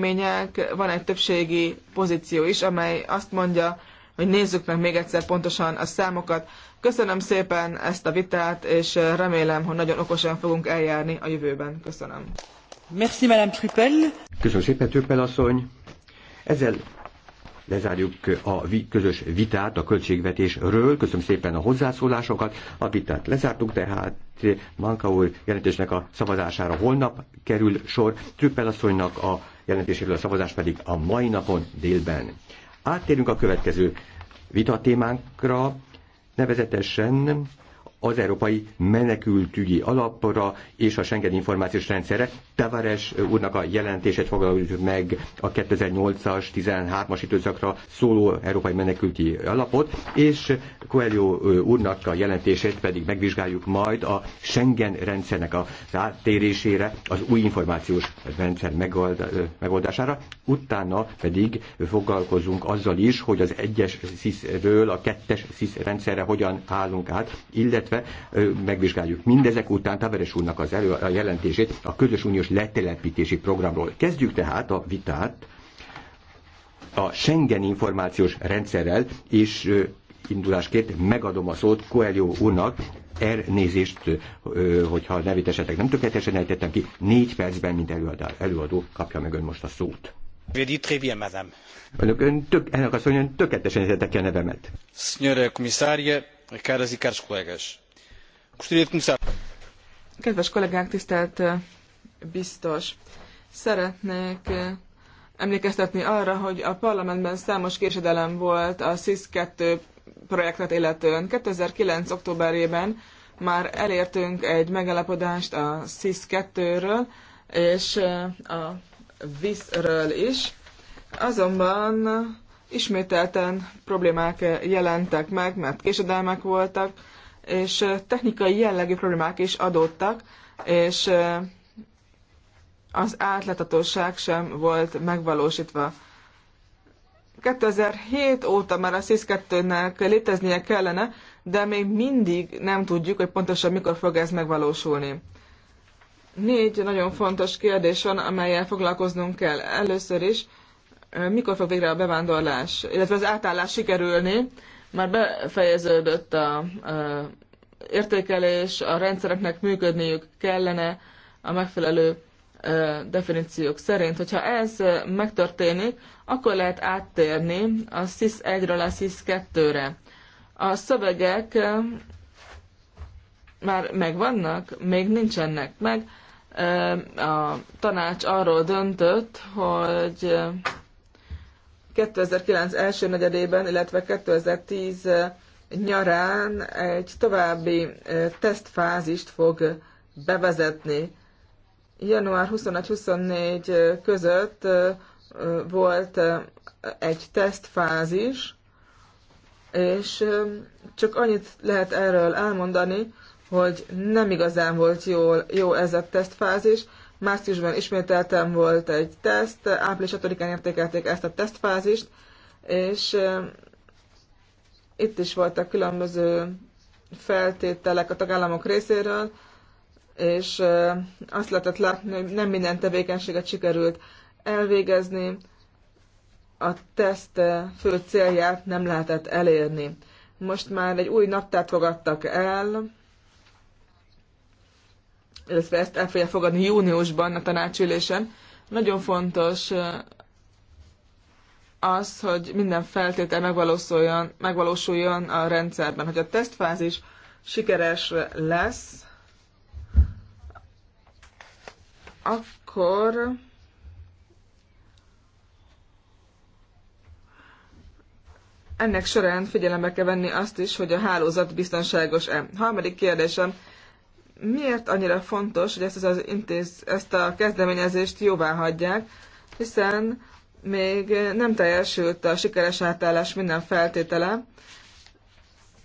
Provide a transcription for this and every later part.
vélemények, van egy többségi pozíció is, amely azt mondja, hogy nézzük meg még egyszer pontosan a számokat. Köszönöm szépen ezt a vitát, és remélem, hogy nagyon okosan fogunk eljárni a jövőben. Köszönöm. Merci, Madame Trüppel. Köszönöm szépen, Trüppel asszony. Ezzel lezárjuk a vi- közös vitát a költségvetésről. Köszönöm szépen a hozzászólásokat. A vitát lezártuk, tehát Manka úr jelentésnek a szavazására holnap kerül sor. Trüppel asszonynak a jelentéséről a szavazás pedig a mai napon délben. Áttérünk a következő vitatémánkra, nevezetesen az Európai Menekültügyi Alapra és a Schengen Információs Rendszerre. Tavares úrnak a jelentését foglaljuk meg a 2008-as, 13-as időszakra szóló Európai Menekültügyi Alapot, és Coelho úrnak a jelentését pedig megvizsgáljuk majd a Schengen rendszernek a áttérésére, az új információs rendszer megoldására, utána pedig foglalkozunk azzal is, hogy az egyes SZISZ-ről a kettes SZISZ rendszerre hogyan állunk át, illetve illetve megvizsgáljuk mindezek után Taveres úrnak az elő, a jelentését a közös uniós letelepítési programról. Kezdjük tehát a vitát a Schengen információs rendszerrel, és indulásként megadom a szót Coelho úrnak, elnézést, hogyha nevét esetleg nem tökéletesen ejtettem ki, négy percben, mint előadó, előadó kapja meg ön most a szót. Önök, ön tök, ennek azt mondja, ön tökéletesen ejtette ki a nevemet. Signore commissarie, E Kedves kollégák, tisztelt biztos! Szeretnék emlékeztetni arra, hogy a parlamentben számos késedelem volt a sis ii projektet illetően. 2009. októberében már elértünk egy megállapodást a sis ii ről és a VIS-ről is. Azonban ismételten problémák jelentek meg, mert késedelmek voltak, és technikai jellegű problémák is adódtak, és az átlátatosság sem volt megvalósítva. 2007 óta már a sis 2 nek léteznie kellene, de még mindig nem tudjuk, hogy pontosan mikor fog ez megvalósulni. Négy nagyon fontos kérdés van, amelyel foglalkoznunk kell. Először is mikor fog végre a bevándorlás, illetve az átállás sikerülni? Már befejeződött a, a értékelés, a rendszereknek működniük kellene a megfelelő definíciók szerint. Hogyha ez megtörténik, akkor lehet áttérni a SIS 1-ről a SIS 2-re. A szövegek már megvannak, még nincsenek meg. A tanács arról döntött, hogy 2009 első negyedében, illetve 2010 nyarán egy további tesztfázist fog bevezetni. Január 21-24 között volt egy tesztfázis, és csak annyit lehet erről elmondani, hogy nem igazán volt jól, jó ez a tesztfázis, Márciusban ismételtem volt egy teszt, április 6-án értékelték ezt a tesztfázist, és itt is voltak különböző feltételek a tagállamok részéről, és azt lehetett látni, hogy nem minden tevékenységet sikerült elvégezni, a teszt fő célját nem lehetett elérni. Most már egy új naptárt fogadtak el, illetve ezt el fogja fogadni júniusban a tanácsülésen. Nagyon fontos az, hogy minden feltétel megvalósuljon, megvalósuljon a rendszerben. Hogy a tesztfázis sikeres lesz, akkor ennek során figyelembe kell venni azt is, hogy a hálózat biztonságos-e. Harmadik kérdésem, miért annyira fontos, hogy ezt, az, az intéz, ezt a kezdeményezést jóvá hagyják, hiszen még nem teljesült a sikeres átállás minden feltétele.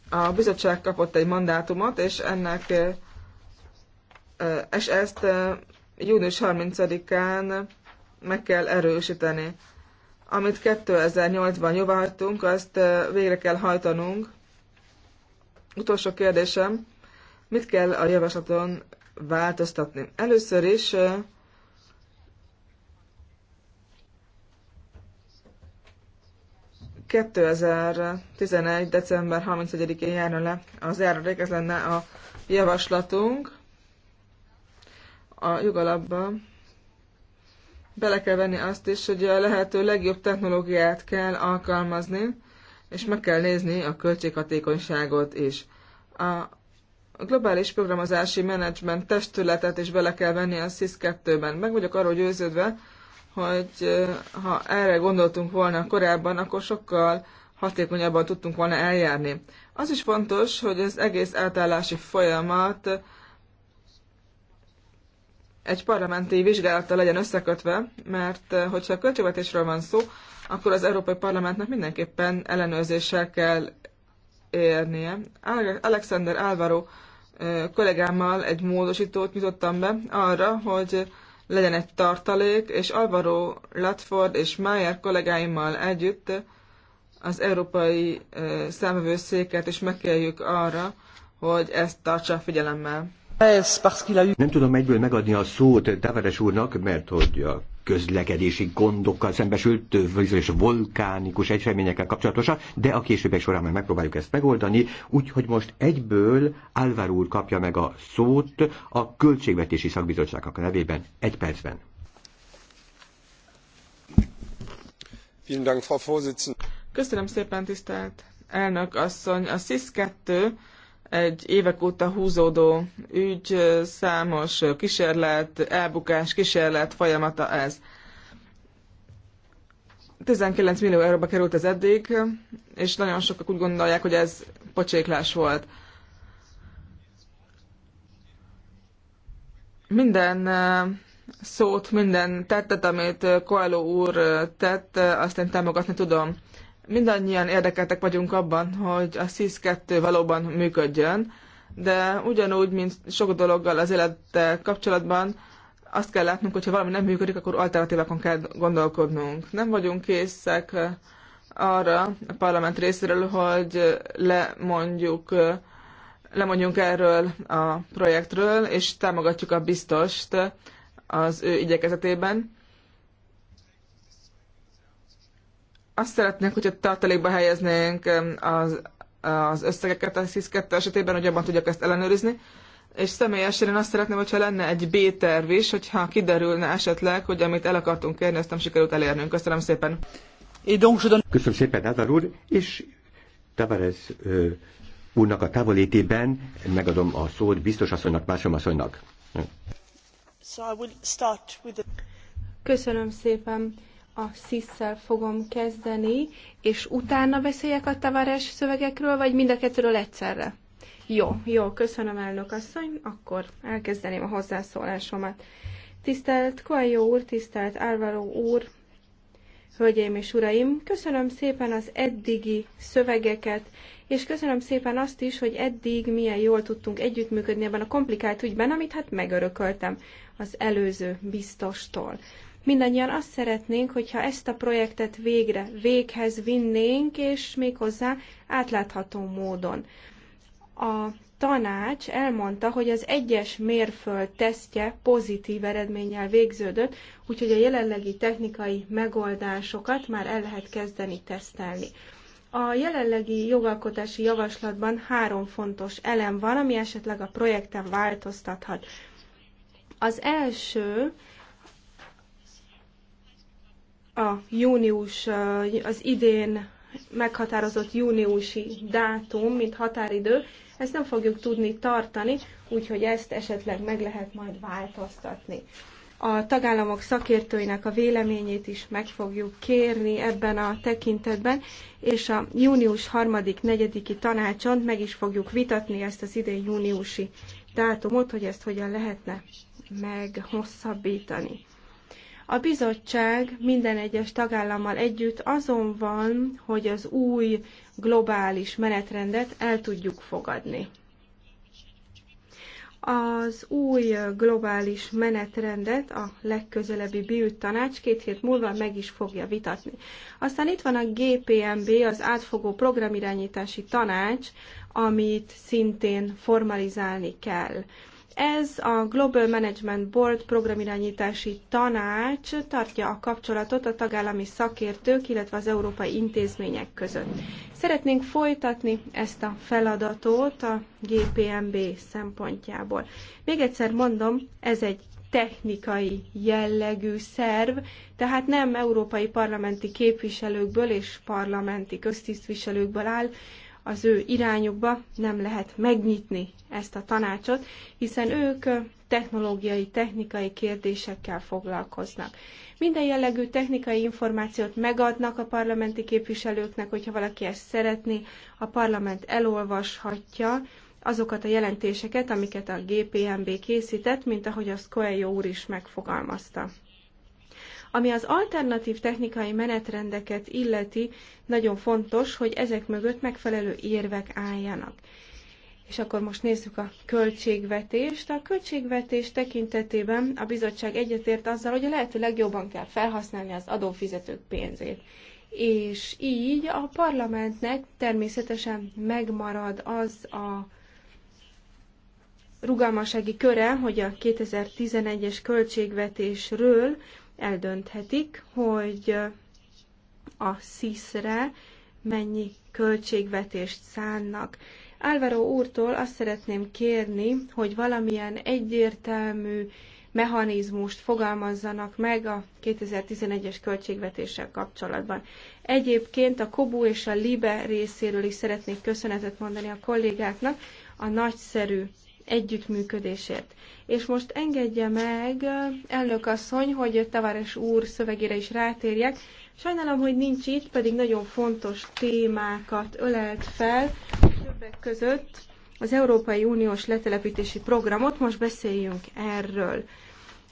A bizottság kapott egy mandátumot, és ennek és ezt június 30-án meg kell erősíteni. Amit 2008-ban jóváhagytunk, azt végre kell hajtanunk. Utolsó kérdésem, Mit kell a javaslaton változtatni? Először is ...2011. december 31-én járna le az járulék, ez lenne a javaslatunk. A jogalapba bele kell venni azt is, hogy a lehető legjobb technológiát kell alkalmazni, és meg kell nézni a költséghatékonyságot is. A a globális programozási menedzsment testületet is bele kell venni a SIS 2-ben. Meg vagyok arról győződve, hogy eh, ha erre gondoltunk volna korábban, akkor sokkal hatékonyabban tudtunk volna eljárni. Az is fontos, hogy az egész átállási folyamat egy parlamenti vizsgálattal legyen összekötve, mert eh, hogyha a költségvetésről van szó, akkor az Európai Parlamentnek mindenképpen ellenőrzéssel kell érnie. Alexander Álvaro kollégámmal egy módosítót nyitottam be arra, hogy legyen egy tartalék, és Alvaro Latford és Mayer kollégáimmal együtt az európai számövőszéket is megkérjük arra, hogy ezt tartsa figyelemmel. Nem tudom egyből megadni a szót Tavares úrnak, mert hogy a közlekedési gondokkal szembesült, bizonyos vulkánikus eseményekkel kapcsolatosan, de a későbbek során majd megpróbáljuk ezt megoldani, úgyhogy most egyből Álvar úr kapja meg a szót a Költségvetési Szakbizottságok nevében egy percben. Köszönöm szépen, tisztelt elnök asszony. A SZISZ 2 egy évek óta húzódó ügy, számos kísérlet, elbukás, kísérlet folyamata ez. 19 millió euróba került ez eddig, és nagyon sokak úgy gondolják, hogy ez pocséklás volt. Minden szót, minden tettet, amit Koaló úr tett, azt én támogatni tudom mindannyian érdekeltek vagyunk abban, hogy a SIS-2 valóban működjön, de ugyanúgy, mint sok dologgal az élettel kapcsolatban, azt kell látnunk, hogy ha valami nem működik, akkor alternatívákon kell gondolkodnunk. Nem vagyunk készek arra a parlament részéről, hogy lemondjuk, lemondjunk erről a projektről, és támogatjuk a biztost az ő igyekezetében. azt szeretnénk, hogyha tartalékba helyeznénk az, az összegeket a SZISZ 2 esetében, hogy abban tudjak ezt ellenőrizni. És személyesen én azt szeretném, hogyha lenne egy B-terv is, hogyha kiderülne esetleg, hogy amit el akartunk kérni, ezt nem sikerült elérnünk. Köszönöm szépen. Köszönöm szépen, Ádár úr, és Tavares úrnak a távolétében megadom a szót biztos asszonynak, másom asszonynak. Köszönöm szépen a sziszel fogom kezdeni, és utána beszéljek a tavares szövegekről, vagy mind a kettőről egyszerre? Jó, jó, köszönöm elnök asszony, akkor elkezdeném a hozzászólásomat. Tisztelt Koajó úr, tisztelt Álvaró úr, hölgyeim és uraim, köszönöm szépen az eddigi szövegeket, és köszönöm szépen azt is, hogy eddig milyen jól tudtunk együttműködni ebben a komplikált ügyben, amit hát megörököltem az előző biztostól. Mindannyian azt szeretnénk, hogyha ezt a projektet végre véghez vinnénk, és méghozzá átlátható módon. A tanács elmondta, hogy az egyes mérföld tesztje pozitív eredménnyel végződött, úgyhogy a jelenlegi technikai megoldásokat már el lehet kezdeni tesztelni. A jelenlegi jogalkotási javaslatban három fontos elem van, ami esetleg a projekten változtathat. Az első a június, az idén meghatározott júniusi dátum, mint határidő, ezt nem fogjuk tudni tartani, úgyhogy ezt esetleg meg lehet majd változtatni. A tagállamok szakértőinek a véleményét is meg fogjuk kérni ebben a tekintetben, és a június 3.-4. tanácson meg is fogjuk vitatni ezt az idén júniusi dátumot, hogy ezt hogyan lehetne meghosszabbítani. A bizottság minden egyes tagállammal együtt azon van, hogy az új globális menetrendet el tudjuk fogadni. Az új globális menetrendet a legközelebbi BIUT tanács két hét múlva meg is fogja vitatni. Aztán itt van a GPMB, az átfogó programirányítási tanács, amit szintén formalizálni kell. Ez a Global Management Board programirányítási tanács tartja a kapcsolatot a tagállami szakértők, illetve az európai intézmények között. Szeretnénk folytatni ezt a feladatot a GPMB szempontjából. Még egyszer mondom, ez egy technikai jellegű szerv, tehát nem európai parlamenti képviselőkből és parlamenti köztisztviselőkből áll, az ő irányukba nem lehet megnyitni ezt a tanácsot, hiszen ők technológiai, technikai kérdésekkel foglalkoznak. Minden jellegű technikai információt megadnak a parlamenti képviselőknek, hogyha valaki ezt szeretné, a parlament elolvashatja azokat a jelentéseket, amiket a GPMB készített, mint ahogy azt Coelho úr is megfogalmazta. Ami az alternatív technikai menetrendeket illeti, nagyon fontos, hogy ezek mögött megfelelő érvek álljanak. És akkor most nézzük a költségvetést. A költségvetés tekintetében a bizottság egyetért azzal, hogy a lehető legjobban kell felhasználni az adófizetők pénzét. És így a parlamentnek természetesen megmarad az a rugalmasági köre, hogy a 2011-es költségvetésről eldönthetik, hogy a sziszre mennyi költségvetést szánnak. Álvaro úrtól azt szeretném kérni, hogy valamilyen egyértelmű mechanizmust fogalmazzanak meg a 2011-es költségvetéssel kapcsolatban. Egyébként a Kobu és a Libe részéről is szeretnék köszönetet mondani a kollégáknak a nagyszerű együttműködésért. És most engedje meg, elnök asszony, hogy Tavares úr szövegére is rátérjek. Sajnálom, hogy nincs itt, pedig nagyon fontos témákat ölelt fel, többek között az Európai Uniós letelepítési programot, most beszéljünk erről.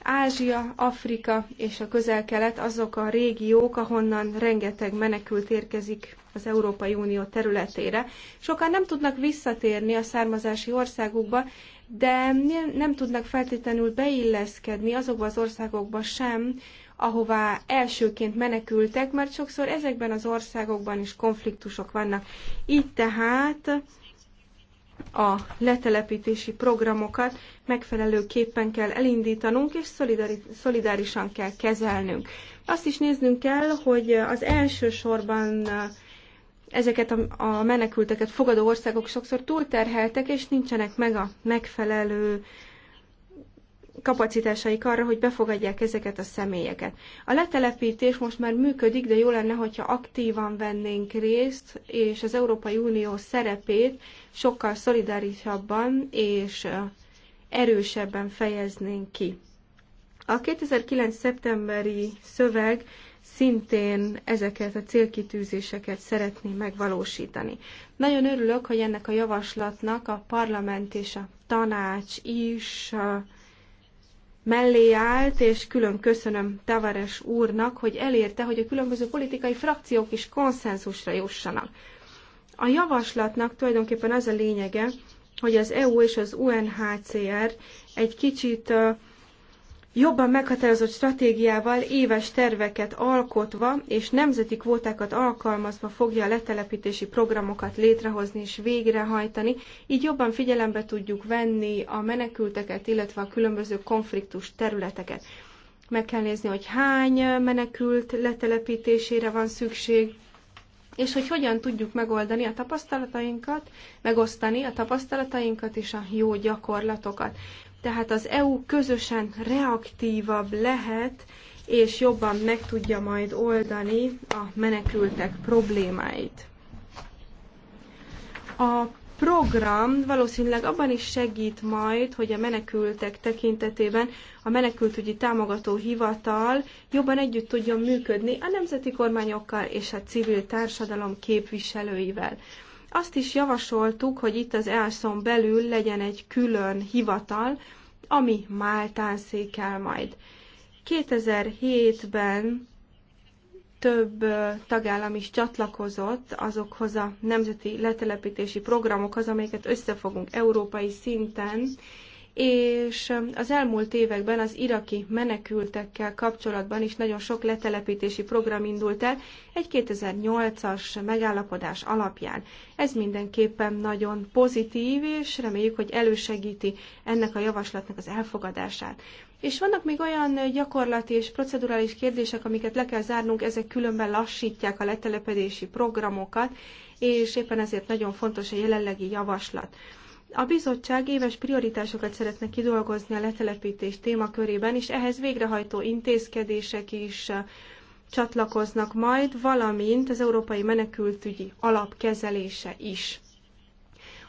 Ázsia, Afrika és a közel-kelet azok a régiók, ahonnan rengeteg menekült érkezik az Európai Unió területére. Sokan nem tudnak visszatérni a származási országukba, de nem tudnak feltétlenül beilleszkedni azokba az országokba sem, ahová elsőként menekültek, mert sokszor ezekben az országokban is konfliktusok vannak. Így tehát a letelepítési programokat megfelelőképpen kell elindítanunk, és szolidárisan kell kezelnünk. Azt is néznünk kell, hogy az elsősorban eh, ezeket a, a menekülteket fogadó országok sokszor túlterheltek, és nincsenek meg a megfelelő kapacitásaik arra, hogy befogadják ezeket a személyeket. A letelepítés most már működik, de jó lenne, hogyha aktívan vennénk részt, és az Európai Unió szerepét sokkal szolidárisabban és erősebben fejeznénk ki. A 2009. szeptemberi szöveg szintén ezeket a célkitűzéseket szeretné megvalósítani. Nagyon örülök, hogy ennek a javaslatnak a parlament és a tanács is mellé állt, és külön köszönöm Tavares úrnak, hogy elérte, hogy a különböző politikai frakciók is konszenzusra jussanak. A javaslatnak tulajdonképpen az a lényege, hogy az EU és az UNHCR egy kicsit jobban meghatározott stratégiával éves terveket alkotva és nemzeti kvótákat alkalmazva fogja a letelepítési programokat létrehozni és végrehajtani, így jobban figyelembe tudjuk venni a menekülteket, illetve a különböző konfliktus területeket. Meg kell nézni, hogy hány menekült letelepítésére van szükség, és hogy hogyan tudjuk megoldani a tapasztalatainkat, megosztani a tapasztalatainkat és a jó gyakorlatokat tehát az EU közösen reaktívabb lehet, és jobban meg tudja majd oldani a menekültek problémáit. A program valószínűleg abban is segít majd, hogy a menekültek tekintetében a menekültügyi támogató hivatal jobban együtt tudjon működni a nemzeti kormányokkal és a civil társadalom képviselőivel. Azt is javasoltuk, hogy itt az elszon belül legyen egy külön hivatal, ami Máltán székel majd. 2007-ben több tagállam is csatlakozott azokhoz a nemzeti letelepítési programokhoz, amelyeket összefogunk európai szinten, és az elmúlt években az iraki menekültekkel kapcsolatban is nagyon sok letelepítési program indult el egy 2008-as megállapodás alapján. Ez mindenképpen nagyon pozitív, és reméljük, hogy elősegíti ennek a javaslatnak az elfogadását. És vannak még olyan gyakorlati és procedurális kérdések, amiket le kell zárnunk, ezek különben lassítják a letelepedési programokat, és éppen ezért nagyon fontos a jelenlegi javaslat. A bizottság éves prioritásokat szeretne kidolgozni a letelepítés témakörében, és ehhez végrehajtó intézkedések is uh, csatlakoznak majd, valamint az Európai Menekültügyi Alapkezelése is.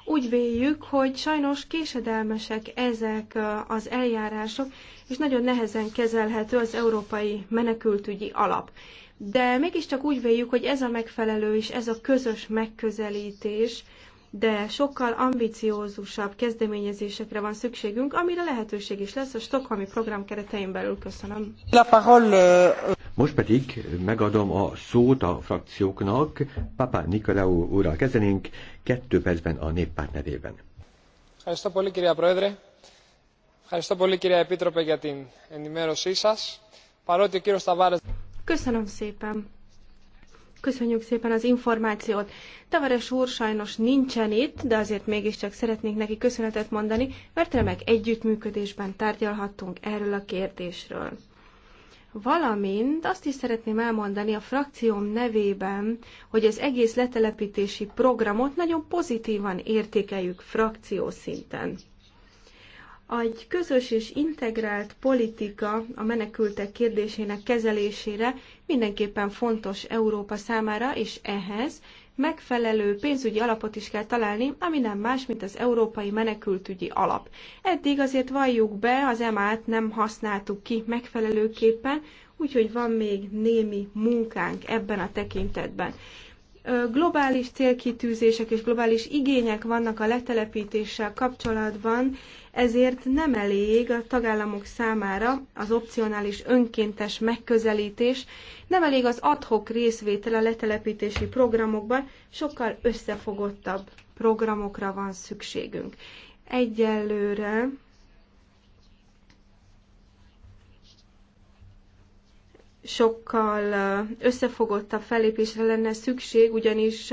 Úgy véljük, hogy sajnos késedelmesek ezek uh, az eljárások, és nagyon nehezen kezelhető az Európai Menekültügyi Alap. De mégiscsak úgy véljük, hogy ez a megfelelő és ez a közös megközelítés, de sokkal ambiciózusabb kezdeményezésekre van szükségünk, amire lehetőség is lesz a Stockholmi program keretein belül. Köszönöm. Euh, Most pedig megadom a szót a frakcióknak. Papa Nikolaou úrral kezdenénk, kettő percben a néppárt nevében. Ευχαριστώ πολύ κυρία Πρόεδρε. Ευχαριστώ πολύ κυρία Επίτροπε για την Köszönöm szépen. Köszönjük szépen az információt. Tavares úr sajnos nincsen itt, de azért mégiscsak szeretnék neki köszönetet mondani, mert remek együttműködésben tárgyalhattunk erről a kérdésről. Valamint azt is szeretném elmondani a frakcióm nevében, hogy az egész letelepítési programot nagyon pozitívan értékeljük frakció szinten egy közös és integrált politika a menekültek kérdésének kezelésére mindenképpen fontos Európa számára, és ehhez megfelelő pénzügyi alapot is kell találni, ami nem más, mint az Európai Menekültügyi Alap. Eddig azért valljuk be, az EMA-t nem használtuk ki megfelelőképpen, úgyhogy van még némi munkánk ebben a tekintetben. Globális célkitűzések és globális igények vannak a letelepítéssel kapcsolatban, ezért nem elég a tagállamok számára az opcionális önkéntes megközelítés, nem elég az adhok részvétel a letelepítési programokban, sokkal összefogottabb programokra van szükségünk. Egyelőre sokkal összefogottabb fellépésre lenne szükség, ugyanis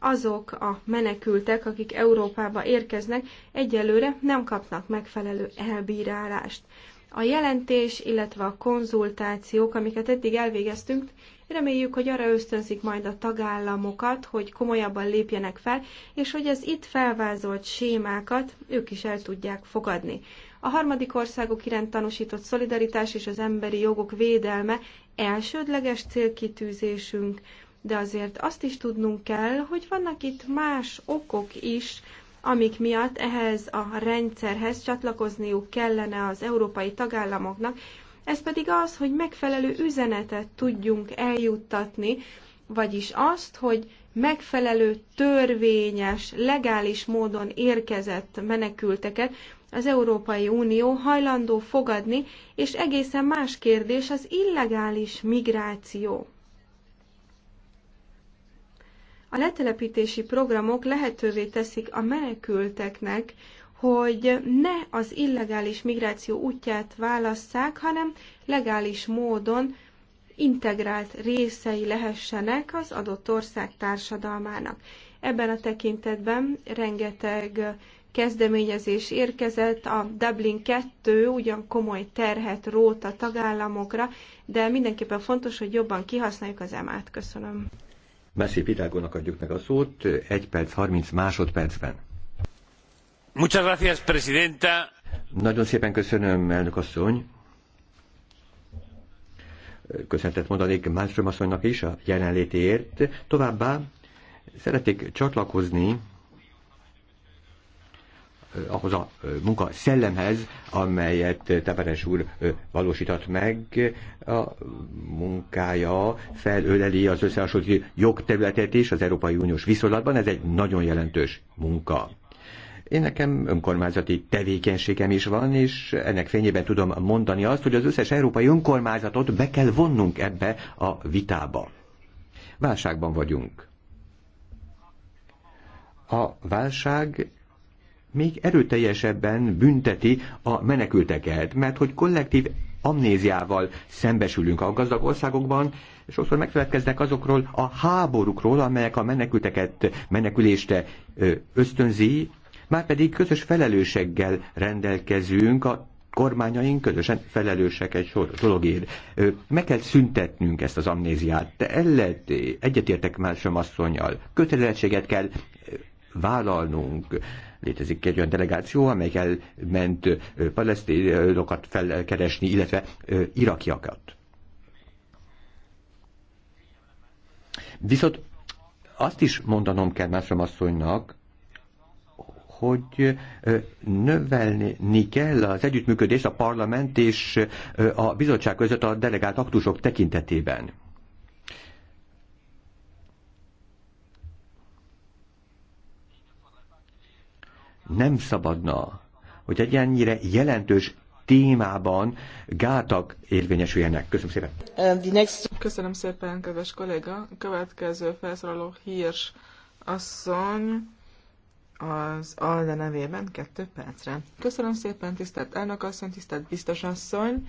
azok a menekültek, akik Európába érkeznek, egyelőre nem kapnak megfelelő elbírálást. A jelentés, illetve a konzultációk, amiket eddig elvégeztünk, reméljük, hogy arra ösztönzik majd a tagállamokat, hogy komolyabban lépjenek fel, és hogy az itt felvázolt sémákat ők is el tudják fogadni. A harmadik országok iránt tanúsított szolidaritás és az emberi jogok védelme elsődleges célkitűzésünk, de azért azt is tudnunk kell, hogy vannak itt más okok is, amik miatt ehhez a rendszerhez csatlakozniuk kellene az európai tagállamoknak, ez pedig az, hogy megfelelő üzenetet tudjunk eljuttatni, vagyis azt, hogy megfelelő törvényes, legális módon érkezett menekülteket az Európai Unió hajlandó fogadni, és egészen más kérdés az illegális migráció. A letelepítési programok lehetővé teszik a menekülteknek, hogy ne az illegális migráció útját válasszák, hanem legális módon integrált részei lehessenek az adott ország társadalmának. Ebben a tekintetben rengeteg kezdeményezés érkezett, a Dublin 2 ugyan komoly terhet rót a tagállamokra, de mindenképpen fontos, hogy jobban kihasználjuk az emát. Köszönöm. Messi Világónak adjuk meg a szót, 1 perc 30 másodpercben. Muchas gracias, presidenta. Nagyon szépen köszönöm, elnök asszony. Köszöntet mondanék Malmström asszonynak is a jelenlétéért. Továbbá szeretnék csatlakozni ahhoz a munka szellemhez, amelyet Teperes úr valósított meg. A munkája felöleli az összehasonlító jogterületet is az Európai Uniós viszonylatban. Ez egy nagyon jelentős munka. Én nekem önkormányzati tevékenységem is van, és ennek fényében tudom mondani azt, hogy az összes európai önkormányzatot be kell vonnunk ebbe a vitába. Válságban vagyunk. A válság még erőteljesebben bünteti a menekülteket, mert hogy kollektív amnéziával szembesülünk a gazdag országokban, és sokszor megfelelkeznek azokról a háborúkról, amelyek a menekülteket menekülésre ösztönzi, már pedig közös felelősséggel rendelkezünk a kormányaink közösen felelősek egy sor dologért. Meg kell szüntetnünk ezt az amnéziát. Te ellet, egyetértek már sem asszonyjal. Kötelezettséget kell vállalnunk Létezik egy olyan delegáció, amely elment palesztinokat felkeresni, illetve irakiakat. Viszont azt is mondanom kell Mászrom asszonynak, hogy növelni kell az együttműködést a parlament és a bizottság között a delegált aktusok tekintetében. Nem szabadna, hogy egy ennyire jelentős témában gátak érvényesüljenek. Köszönöm szépen. Uh, next... Köszönöm szépen, kedves kolléga. Következő felszólaló Hírs asszony az Alda nevében kettő percre. Köszönöm szépen, tisztelt elnök asszony, tisztelt biztos asszony.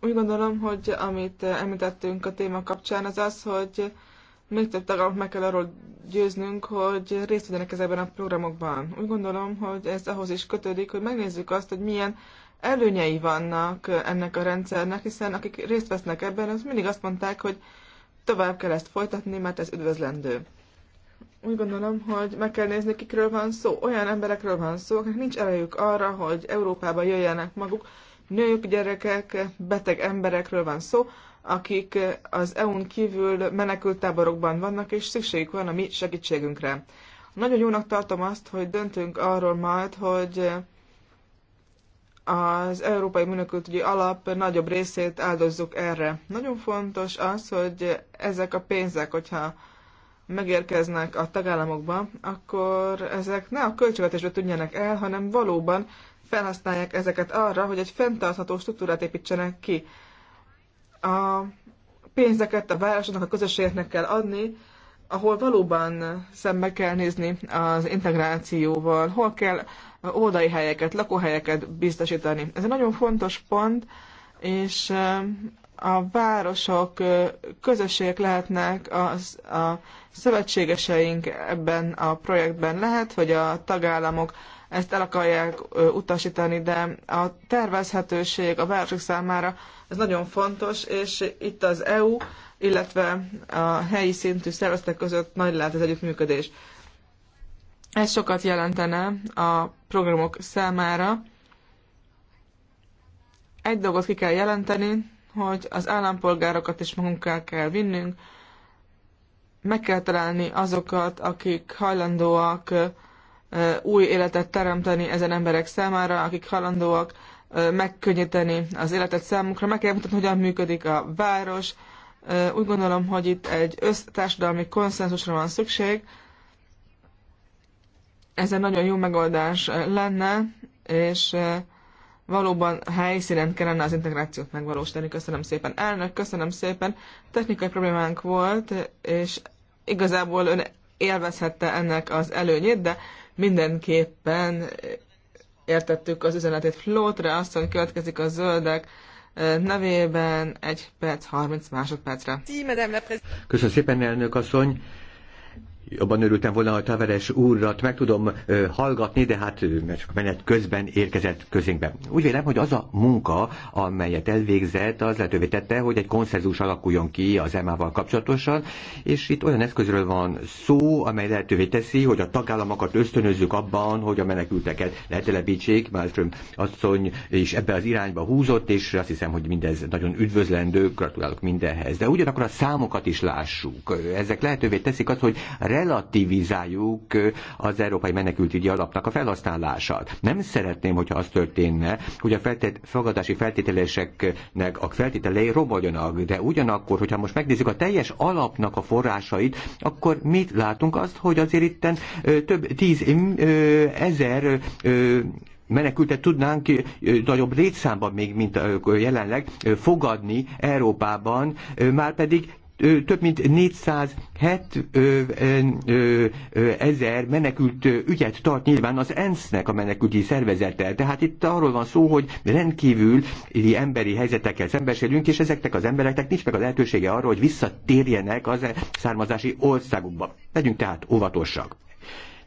Úgy gondolom, hogy amit említettünk a téma kapcsán, az az, hogy még több tagállamot meg kell arról győznünk, hogy részt vegyenek ezekben a programokban. Úgy gondolom, hogy ez ahhoz is kötődik, hogy megnézzük azt, hogy milyen előnyei vannak ennek a rendszernek, hiszen akik részt vesznek ebben, az mindig azt mondták, hogy tovább kell ezt folytatni, mert ez üdvözlendő. Úgy gondolom, hogy meg kell nézni, kikről van szó. Olyan emberekről van szó, akik nincs erejük arra, hogy Európába jöjjenek maguk, nők, gyerekek, beteg emberekről van szó, akik az EU-n kívül táborokban vannak, és szükségük van a mi segítségünkre. Nagyon jónak tartom azt, hogy döntünk arról majd, hogy az Európai Menekültügyi Alap nagyobb részét áldozzuk erre. Nagyon fontos az, hogy ezek a pénzek, hogyha megérkeznek a tagállamokba, akkor ezek ne a költségvetésbe tudjanak el, hanem valóban felhasználják ezeket arra, hogy egy fenntartható struktúrát építsenek ki. A pénzeket a városoknak, a közösségeknek kell adni, ahol valóban szembe kell nézni az integrációval, hol kell oldai helyeket, lakóhelyeket biztosítani. Ez egy nagyon fontos pont, és eh, a városok, eh, közösségek lehetnek az, a szövetségeseink ebben a projektben. Lehet, hogy a tagállamok ezt el akarják utasítani, de a tervezhetőség a városok számára ez nagyon fontos, és itt az EU, illetve a helyi szintű szervezetek között nagy lehet az együttműködés. Ez sokat jelentene a programok számára. Egy dolgot ki kell jelenteni, hogy az állampolgárokat is magunkkal kell vinnünk, meg kell találni azokat, akik hajlandóak új életet teremteni ezen emberek számára, akik halandóak megkönnyíteni az életet számukra. Meg kell mutatni, hogyan működik a város. Úgy gondolom, hogy itt egy össztársadalmi konszenzusra van szükség. Ez egy nagyon jó megoldás lenne, és valóban helyszínen kellene az integrációt megvalósítani. Köszönöm szépen. Elnök, köszönöm szépen. Technikai problémánk volt, és igazából ön élvezhette ennek az előnyét, de mindenképpen értettük az üzenetét. Flótra aztán következik a zöldek eh, nevében egy perc, 30 másodpercre. Köszönöm szépen, elnök asszony! jobban örültem volna, ha Taveres úrat meg tudom ö, hallgatni, de hát mert csak menet közben érkezett közénkbe. Úgy vélem, hogy az a munka, amelyet elvégzett, az lehetővé tette, hogy egy konszenzus alakuljon ki az EMA-val kapcsolatosan, és itt olyan eszközről van szó, amely lehetővé teszi, hogy a tagállamokat ösztönözzük abban, hogy a menekülteket letelepítsék. mert asszony is ebbe az irányba húzott, és azt hiszem, hogy mindez nagyon üdvözlendő, gratulálok mindenhez. De ugyanakkor a számokat is lássuk. Ezek lehetővé teszik azt, hogy relativizáljuk az Európai Menekültügyi Alapnak a felhasználását. Nem szeretném, hogyha az történne, hogy a feltét, fogadási feltételeseknek a feltételei romoljanak, de ugyanakkor, hogyha most megnézzük a teljes alapnak a forrásait, akkor mit látunk azt, hogy azért itten több tíz ezer menekültet tudnánk nagyobb létszámban még, mint jelenleg fogadni Európában, már pedig több mint 470 ezer menekült ügyet tart nyilván az ENSZ-nek a menekülti szervezete. Tehát itt arról van szó, hogy rendkívül emberi helyzetekkel szembesülünk, és ezeknek az embereknek nincs meg a lehetősége arra, hogy visszatérjenek az származási országukba. Legyünk tehát óvatosak.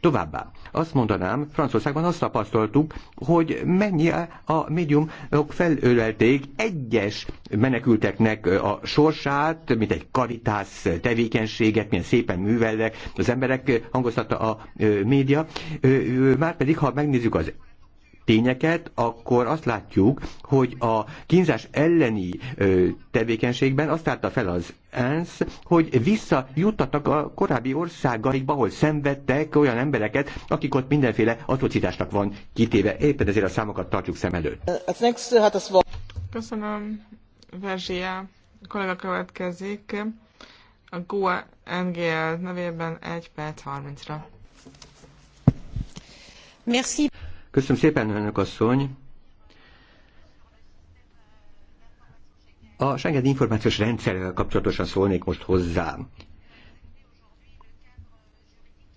Továbbá azt mondanám, Franciaországban azt tapasztaltuk, hogy mennyi a médiumok felölelték egyes menekülteknek a sorsát, mint egy karitás tevékenységet, milyen szépen művelnek az emberek, hangoztatta a média. Márpedig, ha megnézzük az tényeket, akkor azt látjuk, hogy a kínzás elleni ö, tevékenységben azt állta fel az ENSZ, hogy visszajuttatnak a korábbi országaikba, ahol szenvedtek olyan embereket, akik ott mindenféle atrocitásnak van kitéve. Éppen ezért a számokat tartjuk szem előtt. Köszönöm, Verzsia. Kollega következik. A GUA NGL nevében 1 perc 30-ra. Merci. Köszönöm szépen, önök asszony. A Schengen információs rendszerrel kapcsolatosan szólnék most hozzá.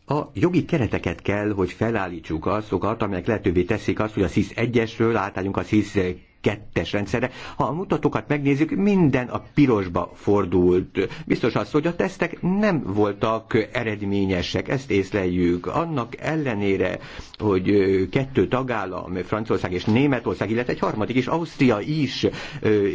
A jogi kereteket kell, hogy felállítsuk azokat, amelyek lehetővé teszik azt, hogy a SIS 1-esről átálljunk a SIS kettes rendszerre. Ha a mutatókat megnézzük, minden a pirosba fordult. Biztos az, hogy a tesztek nem voltak eredményesek, ezt észleljük. Annak ellenére, hogy kettő tagállam, Franciaország és Németország, illetve egy harmadik is, Ausztria is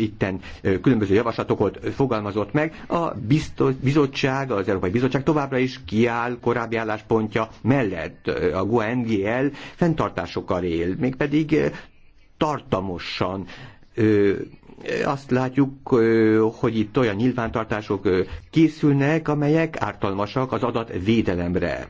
itten különböző javaslatokat fogalmazott meg, a biztos, bizottság, az Európai Bizottság továbbra is kiáll korábbi álláspontja mellett a GUNGL fenntartásokkal él, mégpedig tartamosan azt látjuk, hogy itt olyan nyilvántartások készülnek, amelyek ártalmasak az adatvédelemre.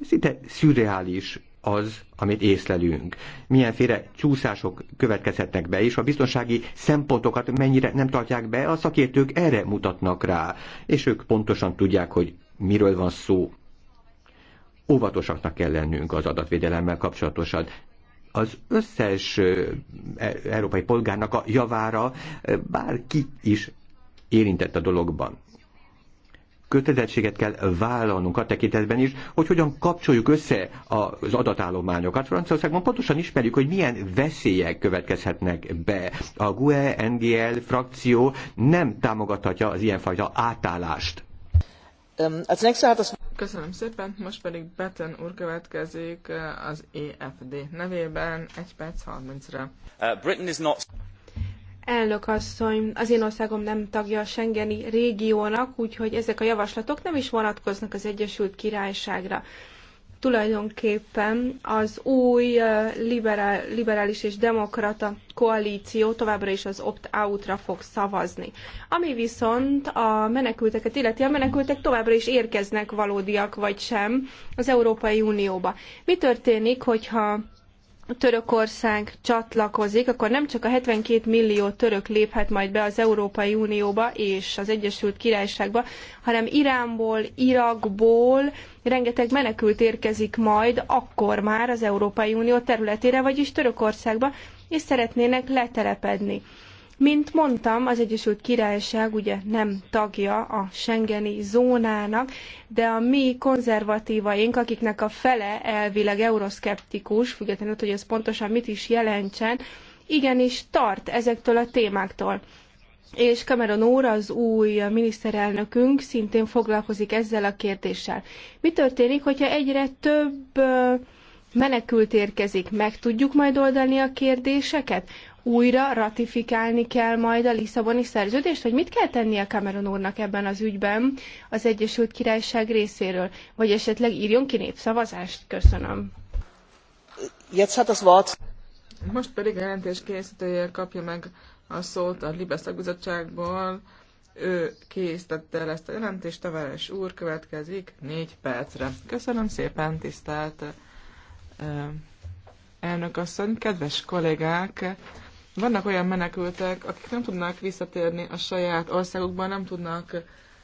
Szinte szürreális az, amit észlelünk. Milyenféle csúszások következhetnek be, és a biztonsági szempontokat mennyire nem tartják be, a szakértők erre mutatnak rá, és ők pontosan tudják, hogy miről van szó. Óvatosaknak kell lennünk az adatvédelemmel kapcsolatosan az összes e, európai polgárnak a javára bárki is érintett a dologban kötelezettséget kell vállalnunk a tekintetben is, hogy hogyan kapcsoljuk össze az adatállományokat. Franciaországban pontosan ismerjük, hogy milyen veszélyek következhetnek be. A GUE-NGL frakció nem támogathatja az ilyenfajta átállást. Köszönöm szépen, most pedig Betten úr következik az EFD nevében, egy perc 30-ra. Uh, Britain is not... Elnök asszony, az én országom nem tagja a Schengeni régiónak, úgyhogy ezek a javaslatok nem is vonatkoznak az Egyesült Királyságra tulajdonképpen az új liberál, liberális és demokrata koalíció továbbra is az opt-outra fog szavazni. Ami viszont a menekülteket illeti, a menekültek továbbra is érkeznek valódiak vagy sem az Európai Unióba. Mi történik, hogyha Törökország csatlakozik, akkor nem csak a 72 millió török léphet majd be az Európai Unióba és az Egyesült Királyságba, hanem Iránból, Irakból rengeteg menekült érkezik majd akkor már az Európai Unió területére, vagyis Törökországba, és szeretnének letelepedni. Mint mondtam, az Egyesült Királyság ugye nem tagja a Schengeni zónának, de a mi konzervatívaink, akiknek a fele elvileg euroszkeptikus, függetlenül, hogy ez pontosan mit is jelentsen, igenis tart ezektől a témáktól és Cameron úr, az új miniszterelnökünk szintén foglalkozik ezzel a kérdéssel. Mi történik, hogyha egyre több menekült érkezik? Meg tudjuk majd oldani a kérdéseket? újra ratifikálni kell majd a Lisszaboni szerződést, vagy mit kell tennie Cameron úrnak ebben az ügyben az Egyesült Királyság részéről, vagy esetleg írjon ki népszavazást? Köszönöm. Jetzt hat das Most pedig a jelentés készítője kapja meg a szót a Libeszak bizottságból. Ő készítette el ezt a jelentést, Tavares úr következik négy percre. Köszönöm szépen, tisztelt elnök asszony, kedves kollégák! Vannak olyan menekültek, akik nem tudnak visszatérni a saját országukban, nem tudnak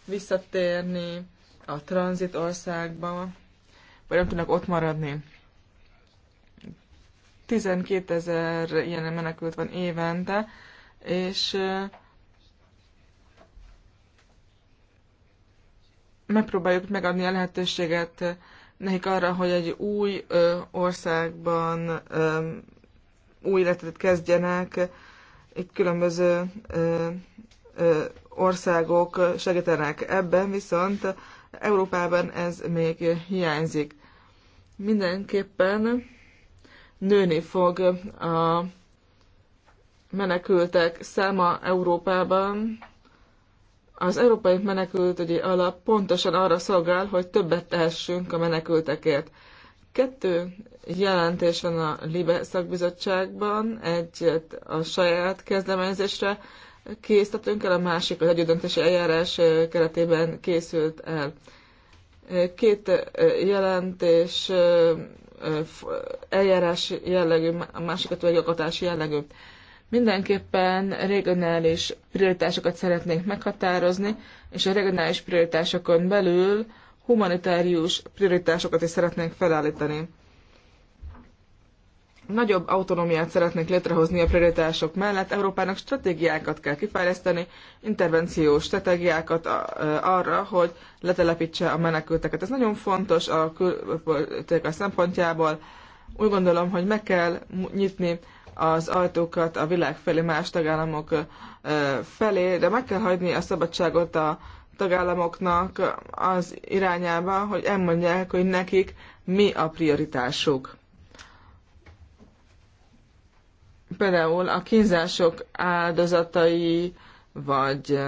visszatérni a tranzit országba, vagy nem tudnak ott maradni. 12 ezer ilyen menekült van évente, és megpróbáljuk megadni a lehetőséget nekik arra, hogy egy új ö, országban ö, új életet kezdjenek, itt különböző ö, ö, országok segítenek ebben, viszont Európában ez még hiányzik. Mindenképpen nőni fog a menekültek száma Európában. Az Európai Menekültügyi Alap pontosan arra szolgál, hogy többet tehessünk a menekültekért. Kettő jelentés van a LIBE szakbizottságban, egyet a saját kezdeményezésre készítettünk el, a másik az együttdöntési eljárás keretében készült el. Két jelentés eljárás jellegű, a másikat vagy jogatási jellegű. Mindenképpen regionális prioritásokat szeretnénk meghatározni, és a regionális prioritásokon belül humanitárius prioritásokat is szeretnénk felállítani. Nagyobb autonómiát szeretnénk létrehozni a prioritások mellett. Európának stratégiákat kell kifejleszteni, intervenciós stratégiákat arra, hogy letelepítse a menekülteket. Ez nagyon fontos a külpolitika szempontjából. Úgy gondolom, hogy meg kell nyitni az ajtókat a világ felé, más tagállamok felé, de meg kell hagyni a szabadságot a tagállamoknak az irányába, hogy elmondják, hogy nekik mi a prioritásuk. Például a kínzások áldozatai, vagy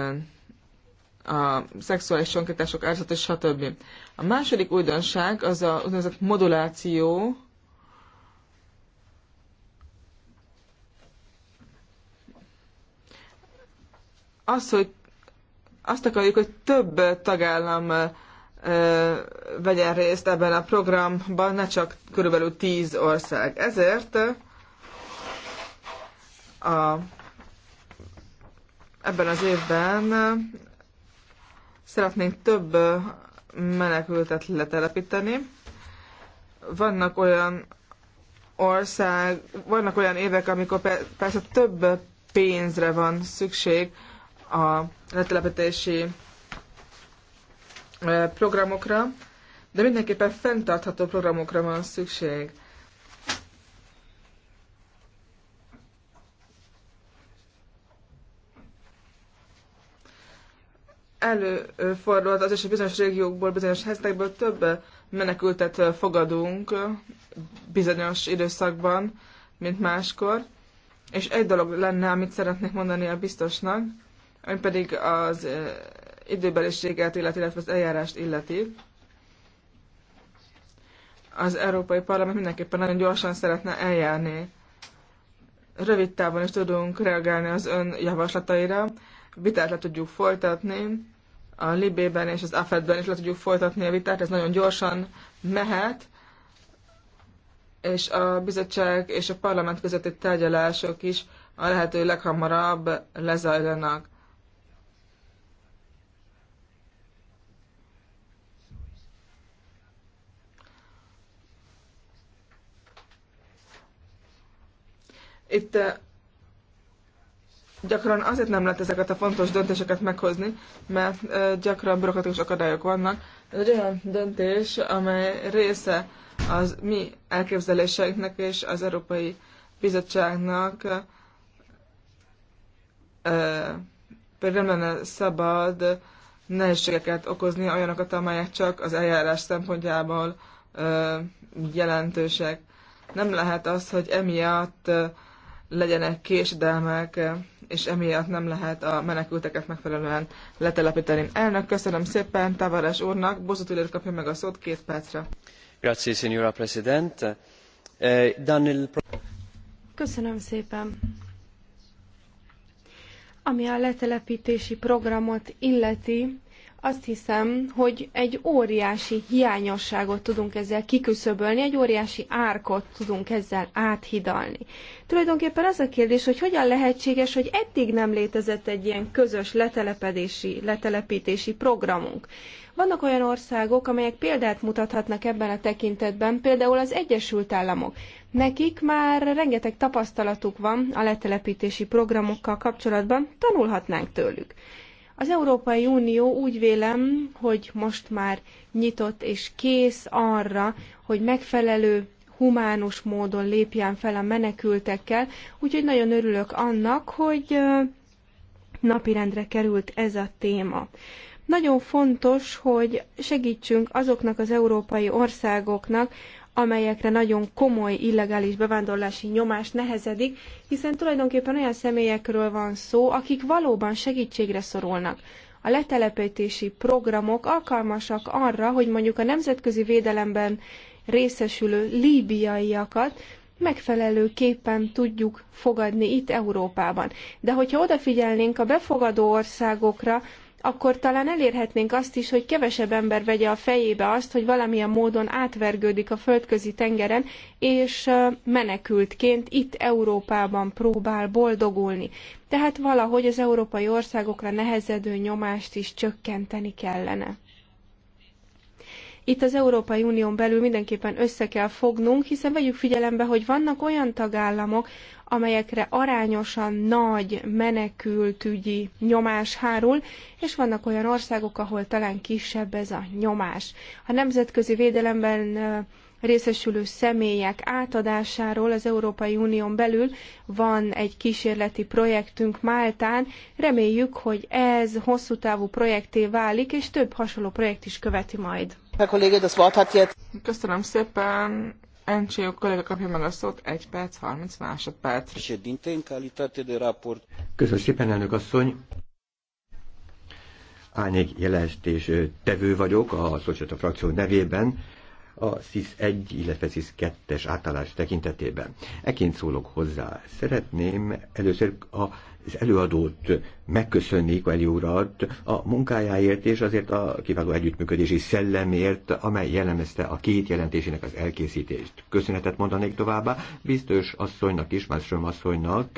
a szexuális sonkítások áldozatai, stb. A második újdonság az a úgynevezett moduláció, az, hogy azt akarjuk, hogy több tagállam vegyen részt ebben a programban, ne csak körülbelül 10 ország. Ezért a, ebben az évben szeretnénk több menekültet letelepíteni. Vannak olyan ország, vannak olyan évek, amikor persze több pénzre van szükség a letelepítési programokra, de mindenképpen fenntartható programokra van szükség. Előfordulhat az is, hogy bizonyos régiókból, bizonyos helyzetekből több menekültet fogadunk bizonyos időszakban, mint máskor. És egy dolog lenne, amit szeretnék mondani a biztosnak, ami pedig az időbeliséget illetve az eljárást illeti. Az Európai Parlament mindenképpen nagyon gyorsan szeretne eljárni. Rövid távon is tudunk reagálni az ön javaslataira, vitát le tudjuk folytatni, a Libében és az AFED-ben is le tudjuk folytatni a vitát, ez nagyon gyorsan mehet, és a bizottság és a parlament közötti tárgyalások is a lehető leghamarabb lezajlanak. Itt eh, gyakran azért nem lehet ezeket a fontos döntéseket meghozni, mert eh, gyakran bürokratikus akadályok vannak. Ez egy olyan döntés, amely része az mi elképzeléseinknek és az Európai Bizottságnak eh, például nem lenne szabad nehézségeket okozni, olyanokat, amelyek csak az eljárás szempontjából jelentősek. Nem lehet az, hogy emiatt legyenek késdelmek, és emiatt nem lehet a menekülteket megfelelően letelepíteni. Elnök, köszönöm szépen Tavares úrnak, Bozotulér kapja meg a szót két percre. Grazie, signora Presidente. Eh, Daniel... Köszönöm szépen. Ami a letelepítési programot illeti, azt hiszem, hogy egy óriási hiányosságot tudunk ezzel kiküszöbölni, egy óriási árkot tudunk ezzel áthidalni. Tulajdonképpen az a kérdés, hogy hogyan lehetséges, hogy eddig nem létezett egy ilyen közös letelepedési, letelepítési programunk. Vannak olyan országok, amelyek példát mutathatnak ebben a tekintetben, például az Egyesült Államok. Nekik már rengeteg tapasztalatuk van a letelepítési programokkal kapcsolatban, tanulhatnánk tőlük. Az Európai Unió úgy vélem, hogy most már nyitott és kész arra, hogy megfelelő humánus módon lépjen fel a menekültekkel, úgyhogy nagyon örülök annak, hogy napirendre került ez a téma. Nagyon fontos, hogy segítsünk azoknak az európai országoknak, amelyekre nagyon komoly illegális bevándorlási nyomás nehezedik, hiszen tulajdonképpen olyan személyekről van szó, akik valóban segítségre szorulnak. A letelepítési programok alkalmasak arra, hogy mondjuk a nemzetközi védelemben részesülő líbiaiakat megfelelőképpen tudjuk fogadni itt Európában. De hogyha odafigyelnénk a befogadó országokra, akkor talán elérhetnénk azt is, hogy kevesebb ember vegye a fejébe azt, hogy valamilyen módon átvergődik a földközi tengeren, és menekültként itt Európában próbál boldogulni. Tehát valahogy az európai országokra nehezedő nyomást is csökkenteni kellene. Itt az Európai Unión belül mindenképpen össze kell fognunk, hiszen vegyük figyelembe, hogy vannak olyan tagállamok, amelyekre arányosan nagy menekültügyi nyomás hárul, és vannak olyan országok, ahol talán kisebb ez a nyomás. A nemzetközi védelemben részesülő személyek átadásáról az Európai Unión belül van egy kísérleti projektünk Máltán. Reméljük, hogy ez hosszú távú projekté válik, és több hasonló projekt is követi majd. Köszönöm szépen. Encsió kolléga kapja meg a szót, 1 perc, 30 másodperc. Köszönöm szépen, elnök asszony. Ányeg jelentés tevő vagyok a Szocsata frakció nevében a sis 1, illetve SIS 2-es átállás tekintetében. Eként szólok hozzá. Szeretném először a az előadót megköszönnék, Eli urat a munkájáért és azért a kiváló együttműködési szellemért, amely jellemezte a két jelentésének az elkészítést. Köszönetet mondanék továbbá biztos asszonynak is, Másröm asszonynak,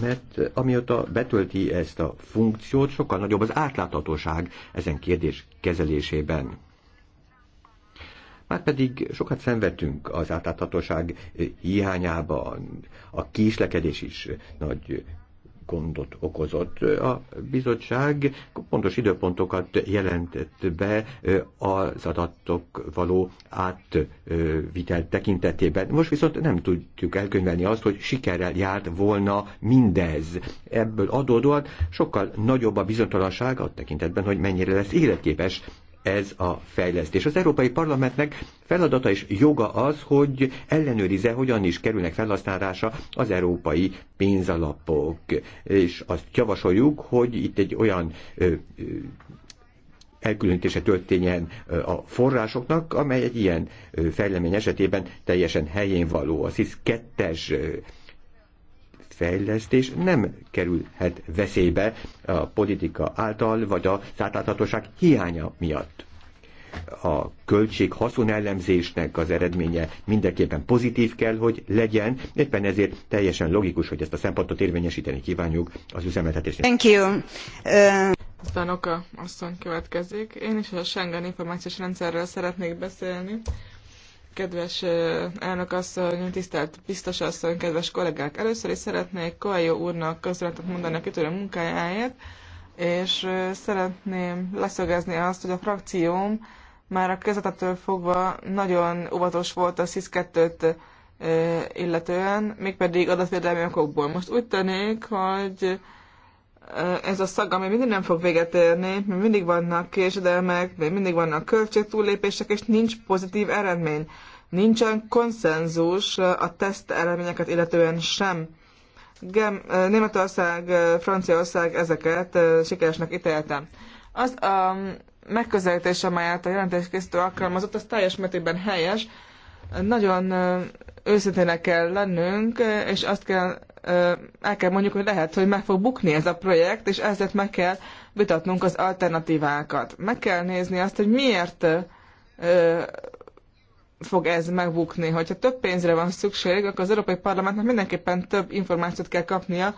mert amióta betölti ezt a funkciót, sokkal nagyobb az átláthatóság ezen kérdés kezelésében. Márpedig sokat szenvedtünk az átláthatóság hiányában, a késlekedés is nagy gondot okozott. A bizottság pontos időpontokat jelentett be az adatok való átvitel tekintetében. Most viszont nem tudjuk elkönyvelni azt, hogy sikerrel járt volna mindez. Ebből adódóan sokkal nagyobb a bizonytalanság a tekintetben, hogy mennyire lesz életképes ez a fejlesztés. Az Európai Parlamentnek feladata és joga az, hogy ellenőrize, hogyan is kerülnek felhasználásra az európai pénzalapok. És azt javasoljuk, hogy itt egy olyan ö, ö, elkülönítése történjen a forrásoknak, amely egy ilyen fejlemény esetében teljesen helyén való. A SZISZ 2 fejlesztés nem kerülhet veszélybe a politika által, vagy a átláthatóság hiánya miatt a költség haszon ellenzésnek az eredménye mindenképpen pozitív kell, hogy legyen. Éppen ezért teljesen logikus, hogy ezt a szempontot érvényesíteni kívánjuk az üzemeltetésnél. Thank you. Uh... Oka asszony következik. Én is a Schengen információs rendszerről szeretnék beszélni. Kedves asszony, tisztelt biztos asszony, kedves kollégák! Először is szeretnék Koajó úrnak köszönetet mondani a kitörő munkájáért, és szeretném leszögezni azt, hogy a frakcióm már a kezdetettől fogva nagyon óvatos volt a sis 2 t illetően, mégpedig adatvédelmi okokból. Most úgy tűnik, hogy ez a szag, ami mindig nem fog véget érni, mert mindig vannak késedelmek, még mindig vannak költségtúllépések, és nincs pozitív eredmény. Nincsen konszenzus a teszt eredményeket illetően sem. Gem, Németország, Franciaország ezeket sikeresnek ítéltem. Az a megközelítés, amelyet a jelentéskészítő alkalmazott, az teljes mértékben helyes. Nagyon őszintének kell lennünk, és azt kell el kell mondjuk, hogy lehet, hogy meg fog bukni ez a projekt, és ezért meg kell vitatnunk az alternatívákat. Meg kell nézni azt, hogy miért fog ez megbukni. Hogyha több pénzre van szükség, akkor az Európai Parlamentnek mindenképpen több információt kell kapnia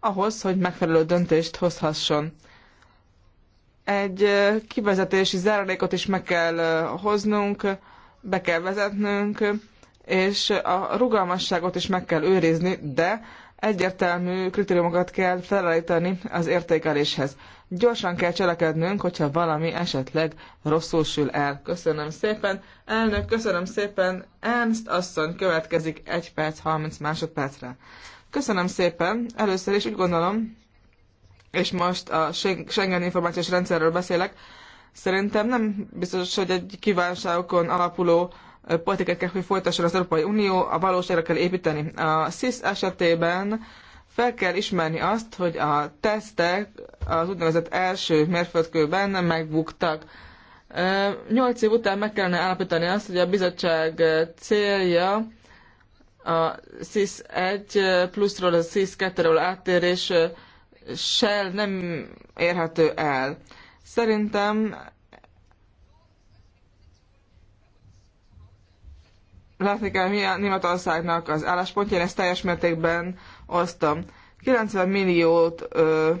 ahhoz, hogy megfelelő döntést hozhasson. Egy kivezetési zárulékot is meg kell hoznunk, be kell vezetnünk, és a rugalmasságot is meg kell őrizni, de egyértelmű kritériumokat kell felállítani az értékeléshez. Gyorsan kell cselekednünk, hogyha valami esetleg rosszul sül el. Köszönöm szépen. Elnök, köszönöm szépen. Ernst asszony következik 1 perc 30 másodpercre. Köszönöm szépen. Először is úgy gondolom, és most a Schengen információs rendszerről beszélek, szerintem nem biztos, hogy egy kívánságokon alapuló politikát kell, hogy folytasson az Európai Unió, a valóságra kell építeni. A SZISZ esetében fel kell ismerni azt, hogy a tesztek az úgynevezett első mérföldkőben megbuktak. Nyolc év után meg kellene állapítani azt, hogy a bizottság célja a SZISZ 1 pluszról a SZISZ 2-ről áttérés sel nem érhető el. Szerintem látni kell, mi a Németországnak az álláspontja, én ezt teljes mértékben osztom. 90 milliót ö,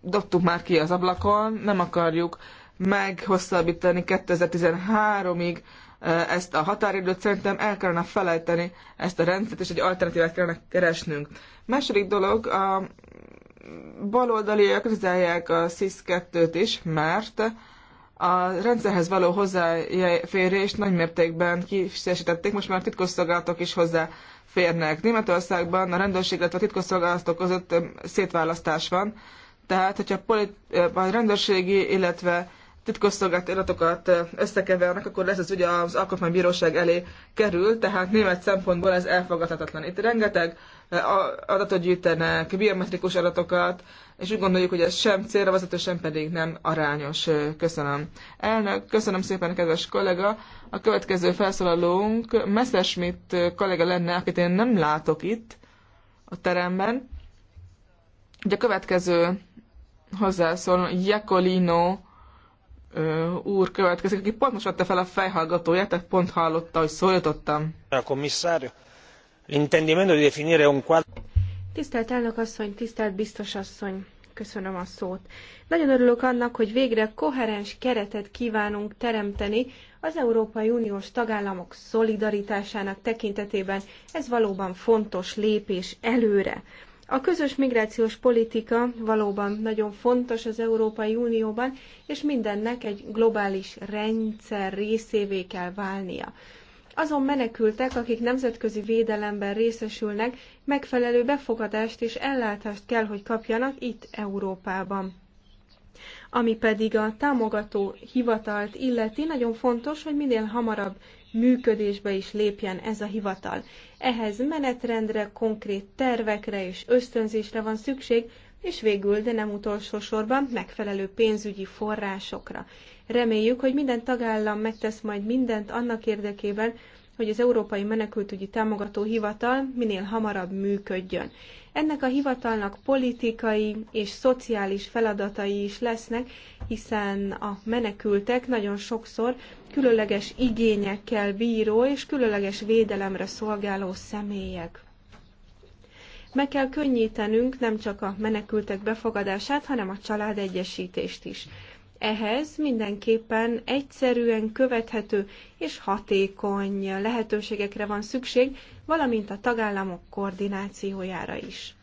dobtuk már ki az ablakon, nem akarjuk meghosszabbítani 2013-ig ezt a határidőt, szerintem el kellene felejteni ezt a rendszert, és egy alternatívát kellene keresnünk. Második dolog, a baloldaliak kritizálják a sis 2 t is, mert a rendszerhez való hozzáférést nagymértékben kiszélesítették, most már titkosszolgálatok is hozzá férnek. Németországban a rendőrség, illetve a titkosszolgálatok között szétválasztás van, tehát hogyha a rendőrségi, illetve titkosszolgált iratokat összekevernek, akkor lesz az ugye az alkotmánybíróság elé kerül, tehát német szempontból ez elfogadhatatlan. Itt rengeteg adatot gyűjtenek, biometrikus adatokat, és úgy gondoljuk, hogy ez sem célra vezető, sem pedig nem arányos. Köszönöm. Elnök, köszönöm szépen, kedves kollega. A következő felszólalónk Messerschmidt kollega lenne, akit én nem látok itt a teremben. Ugye a következő hozzászól Jakolino úr következik, aki pont most vette fel a fejhallgatóját, tehát pont hallotta, hogy szólítottam. A komisszárió, l'intendimento di definire un quadro... Tisztelt elnök asszony, tisztelt biztos asszony, köszönöm a szót. Nagyon örülök annak, hogy végre koherens keretet kívánunk teremteni az Európai Uniós tagállamok szolidaritásának tekintetében. Ez valóban fontos lépés előre. A közös migrációs politika valóban nagyon fontos az Európai Unióban, és mindennek egy globális rendszer részévé kell válnia. Azon menekültek, akik nemzetközi védelemben részesülnek, megfelelő befogadást és ellátást kell, hogy kapjanak itt Európában. Ami pedig a támogató hivatalt illeti, nagyon fontos, hogy minél hamarabb működésbe is lépjen ez a hivatal. Ehhez menetrendre, konkrét tervekre és ösztönzésre van szükség, és végül, de nem utolsó sorban, megfelelő pénzügyi forrásokra. Reméljük, hogy minden tagállam megtesz majd mindent annak érdekében, hogy az Európai Menekültügyi Támogató Hivatal minél hamarabb működjön. Ennek a hivatalnak politikai és szociális feladatai is lesznek, hiszen a menekültek nagyon sokszor különleges igényekkel bíró és különleges védelemre szolgáló személyek. Meg kell könnyítenünk nem csak a menekültek befogadását, hanem a családegyesítést is. Ehhez mindenképpen egyszerűen követhető és hatékony lehetőségekre van szükség, valamint a tagállamok koordinációjára is.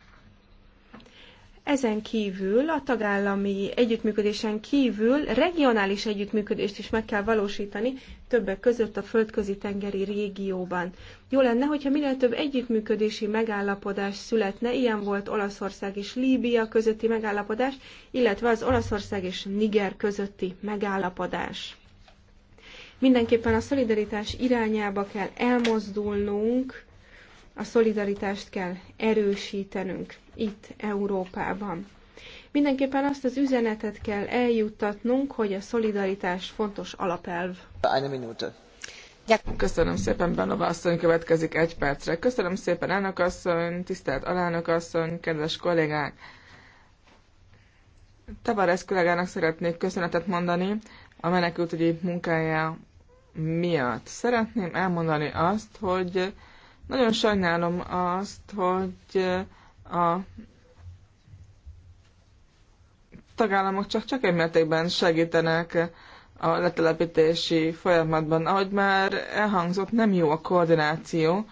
Ezen kívül, a tagállami együttműködésen kívül regionális együttműködést is meg kell valósítani többek között a földközi tengeri régióban. Jó lenne, hogyha minél több együttműködési megállapodás születne, ilyen volt Olaszország és Líbia közötti megállapodás, illetve az Olaszország és Niger közötti megállapodás. Mindenképpen a szolidaritás irányába kell elmozdulnunk, a szolidaritást kell erősítenünk itt Európában. Mindenképpen azt az üzenetet kell eljuttatnunk, hogy a szolidaritás fontos alapelv. Egy Minute. Köszönöm szépen, Benova asszony következik egy percre. Köszönöm szépen, elnök asszony, tisztelt alelnök asszony, kedves kollégák. Tavares kollégának szeretnék köszönetet mondani a menekültügyi munkája miatt. Szeretném elmondani azt, hogy nagyon sajnálom azt, hogy a tagállamok csak, csak egy mértékben segítenek a letelepítési folyamatban. Ahogy már elhangzott, nem jó a koordináció,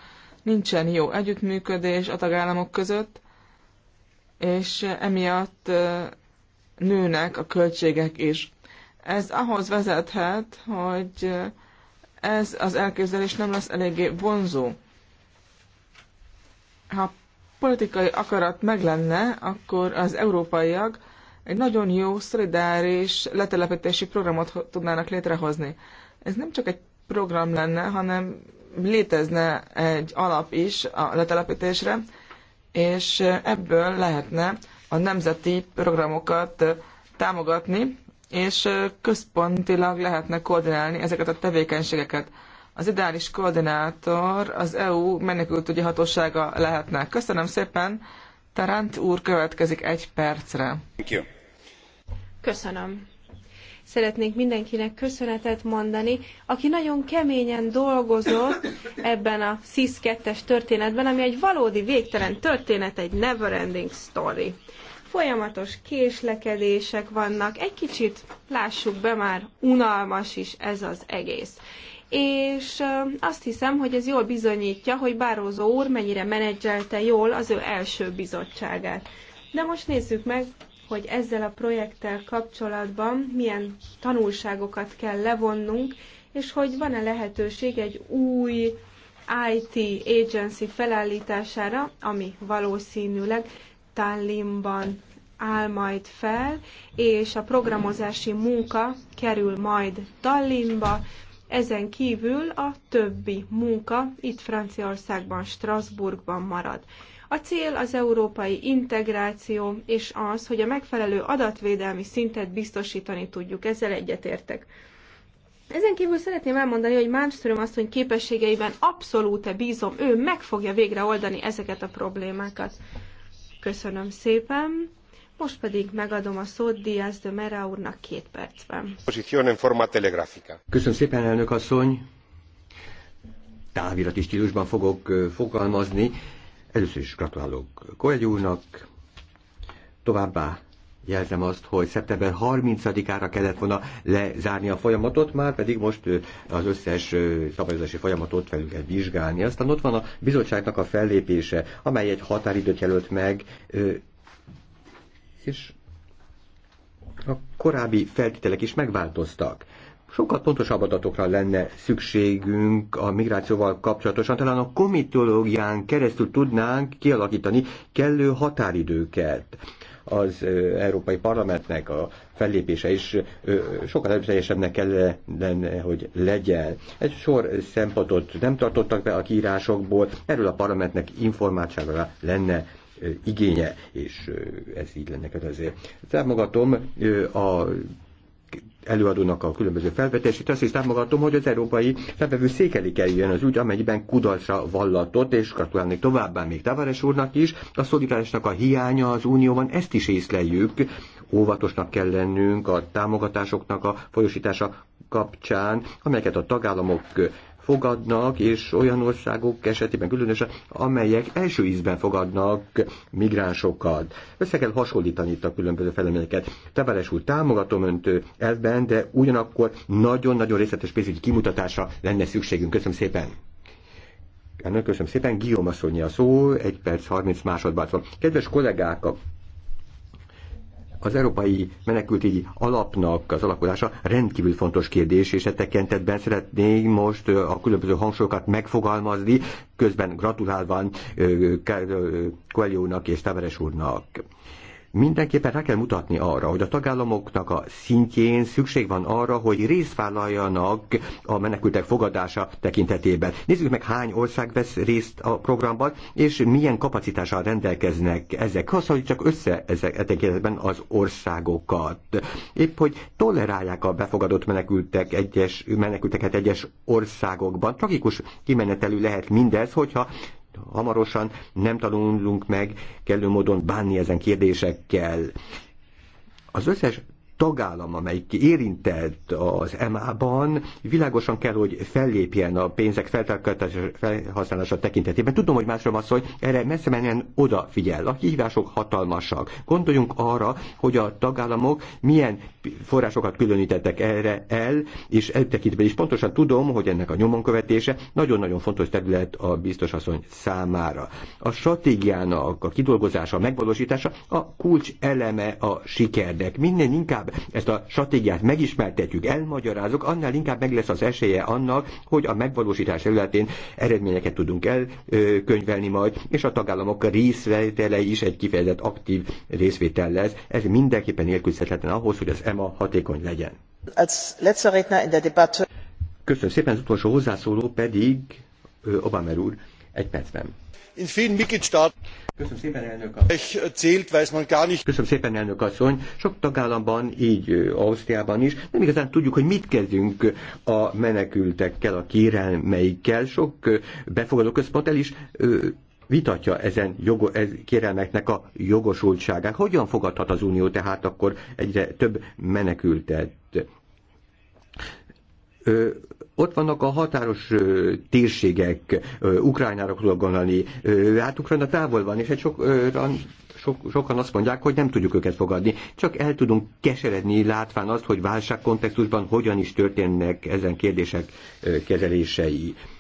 nincsen jó együttműködés a tagállamok között, és emiatt nőnek a költségek is. Ez ahhoz vezethet, hogy ez az elképzelés nem lesz eléggé vonzó. Ha politikai akarat meg lenne, akkor az európaiak egy nagyon jó, szolidáris letelepítési programot tudnának létrehozni. Ez nem csak egy program lenne, hanem létezne egy alap is a letelepítésre, és ebből lehetne a nemzeti programokat támogatni, és központilag lehetne koordinálni ezeket a tevékenységeket. Az ideális koordinátor az EU menekültügyi hatósága lehetne. Köszönöm szépen! Tarant úr következik egy percre. Köszönöm. Szeretnék mindenkinek köszönetet mondani, aki nagyon keményen dolgozott ebben a SZISZ 2-es történetben, ami egy valódi végtelen történet, egy never ending story. Folyamatos késlekedések vannak, egy kicsit, lássuk be már, unalmas is ez az egész és azt hiszem, hogy ez jól bizonyítja, hogy Bározó úr mennyire menedzselte jól az ő első bizottságát. De most nézzük meg, hogy ezzel a projekttel kapcsolatban milyen tanulságokat kell levonnunk, és hogy van-e lehetőség egy új IT agency felállítására, ami valószínűleg Tallinnban áll majd fel, és a programozási munka kerül majd Tallinnba, ezen kívül a többi munka itt Franciaországban, Strasbourgban marad. A cél az európai integráció, és az, hogy a megfelelő adatvédelmi szintet biztosítani tudjuk. Ezzel egyetértek. Ezen kívül szeretném elmondani, hogy Malmström asszony képességeiben abszolút bízom, ő meg fogja végre oldani ezeket a problémákat. Köszönöm szépen! Most pedig megadom a szót Díaz de Mera úrnak két percben. Köszönöm szépen, elnök asszony. Távirati stílusban fogok fogalmazni. Először is gratulálok Kolegy úrnak. Továbbá jelzem azt, hogy szeptember 30-ára kellett volna lezárni a folyamatot, már pedig most az összes szabályozási folyamatot felül kell vizsgálni. Aztán ott van a bizottságnak a fellépése, amely egy határidőt jelölt meg és a korábbi feltételek is megváltoztak. Sokkal pontosabb adatokra lenne szükségünk a migrációval kapcsolatosan, talán a komitológián keresztül tudnánk kialakítani kellő határidőket az Európai Parlamentnek a fellépése is sokkal erőteljesebbnek kellene, hogy legyen. Egy sor szempontot nem tartottak be a kiírásokból, erről a parlamentnek informáltságra lenne igénye, és ez így lenne ezért. Támogatom a előadónak a különböző felvetését, azt is támogatom, hogy az európai felvevő székeli kerüljön az úgy, amelyben kudarca vallatott, és gratulálnék továbbá még Tavares úrnak is, a szolidárisnak a hiánya az unióban, ezt is észleljük, óvatosnak kell lennünk a támogatásoknak a folyosítása kapcsán, amelyeket a tagállamok fogadnak, és olyan országok esetében különösen, amelyek első ízben fogadnak migránsokat. Össze kell hasonlítani itt a különböző feleményeket. Tebeles úr, támogatom önt ebben, de ugyanakkor nagyon-nagyon részletes pénzügyi kimutatásra lenne szükségünk. Köszönöm szépen! Ennek köszönöm szépen, Guillaume asszonyi a szó, egy perc 30 másodperc Kedves kollégák, a az európai menekültügyi alapnak az alakulása rendkívül fontos kérdés, és e tekintetben szeretnék most a különböző hangsúlyokat megfogalmazni, közben gratulálva Coelho-nak és Tavares úrnak. Mindenképpen rá kell mutatni arra, hogy a tagállamoknak a szintjén szükség van arra, hogy részt vállaljanak a menekültek fogadása tekintetében. Nézzük meg, hány ország vesz részt a programban, és milyen kapacitással rendelkeznek ezek. csak össze ezek e az országokat. Épp, hogy tolerálják a befogadott menekültek egyes, menekülteket egyes országokban. Tragikus kimenetelű lehet mindez, hogyha hamarosan nem tanulunk meg kellő módon bánni ezen kérdésekkel. Az összes tagállam, amelyik érintett az MA-ban, világosan kell, hogy fellépjen a pénzek felhasználása tekintetében. Tudom, hogy másról van szó, hogy erre messze menjen odafigyel. A kihívások hatalmasak. Gondoljunk arra, hogy a tagállamok milyen forrásokat különítettek erre el, és eltekintve is pontosan tudom, hogy ennek a nyomonkövetése nagyon-nagyon fontos terület a biztosasszony számára. A stratégiának a kidolgozása, a megvalósítása a kulcs eleme a sikernek. Minden inkább ezt a stratégiát megismertetjük, elmagyarázok, annál inkább meg lesz az esélye annak, hogy a megvalósítás területén eredményeket tudunk elkönyvelni majd, és a tagállamok részvételei is egy kifejezett aktív részvétel lesz. Ez mindenképpen nélkülözhetetlen ahhoz, hogy az szema hatékony legyen. Köszönöm szépen, az utolsó hozzászóló pedig Obamer úr, egy percben. In vielen Mitgliedstaaten Köszönöm szépen, elnök asszony. Köszönöm szépen, elnök asszony. Sok tagállamban, így Ausztriában is nem igazán tudjuk, hogy mit kezdünk a menekültekkel, a kérelmeikkel. Sok befogadó központ el is vitatja ezen jogo, ez kérelmeknek a jogosultságát. Hogyan fogadhat az Unió tehát akkor egyre több menekültet? Ö, ott vannak a határos ö, térségek, ö, Ukrajnára tudok gondolni, ö, hát Ukrajna távol van, és egy sok, ö, sok, sokan azt mondják, hogy nem tudjuk őket fogadni, csak el tudunk keseredni, látván azt, hogy válságkontextusban hogyan is történnek ezen kérdések ö, kezelései. Ö,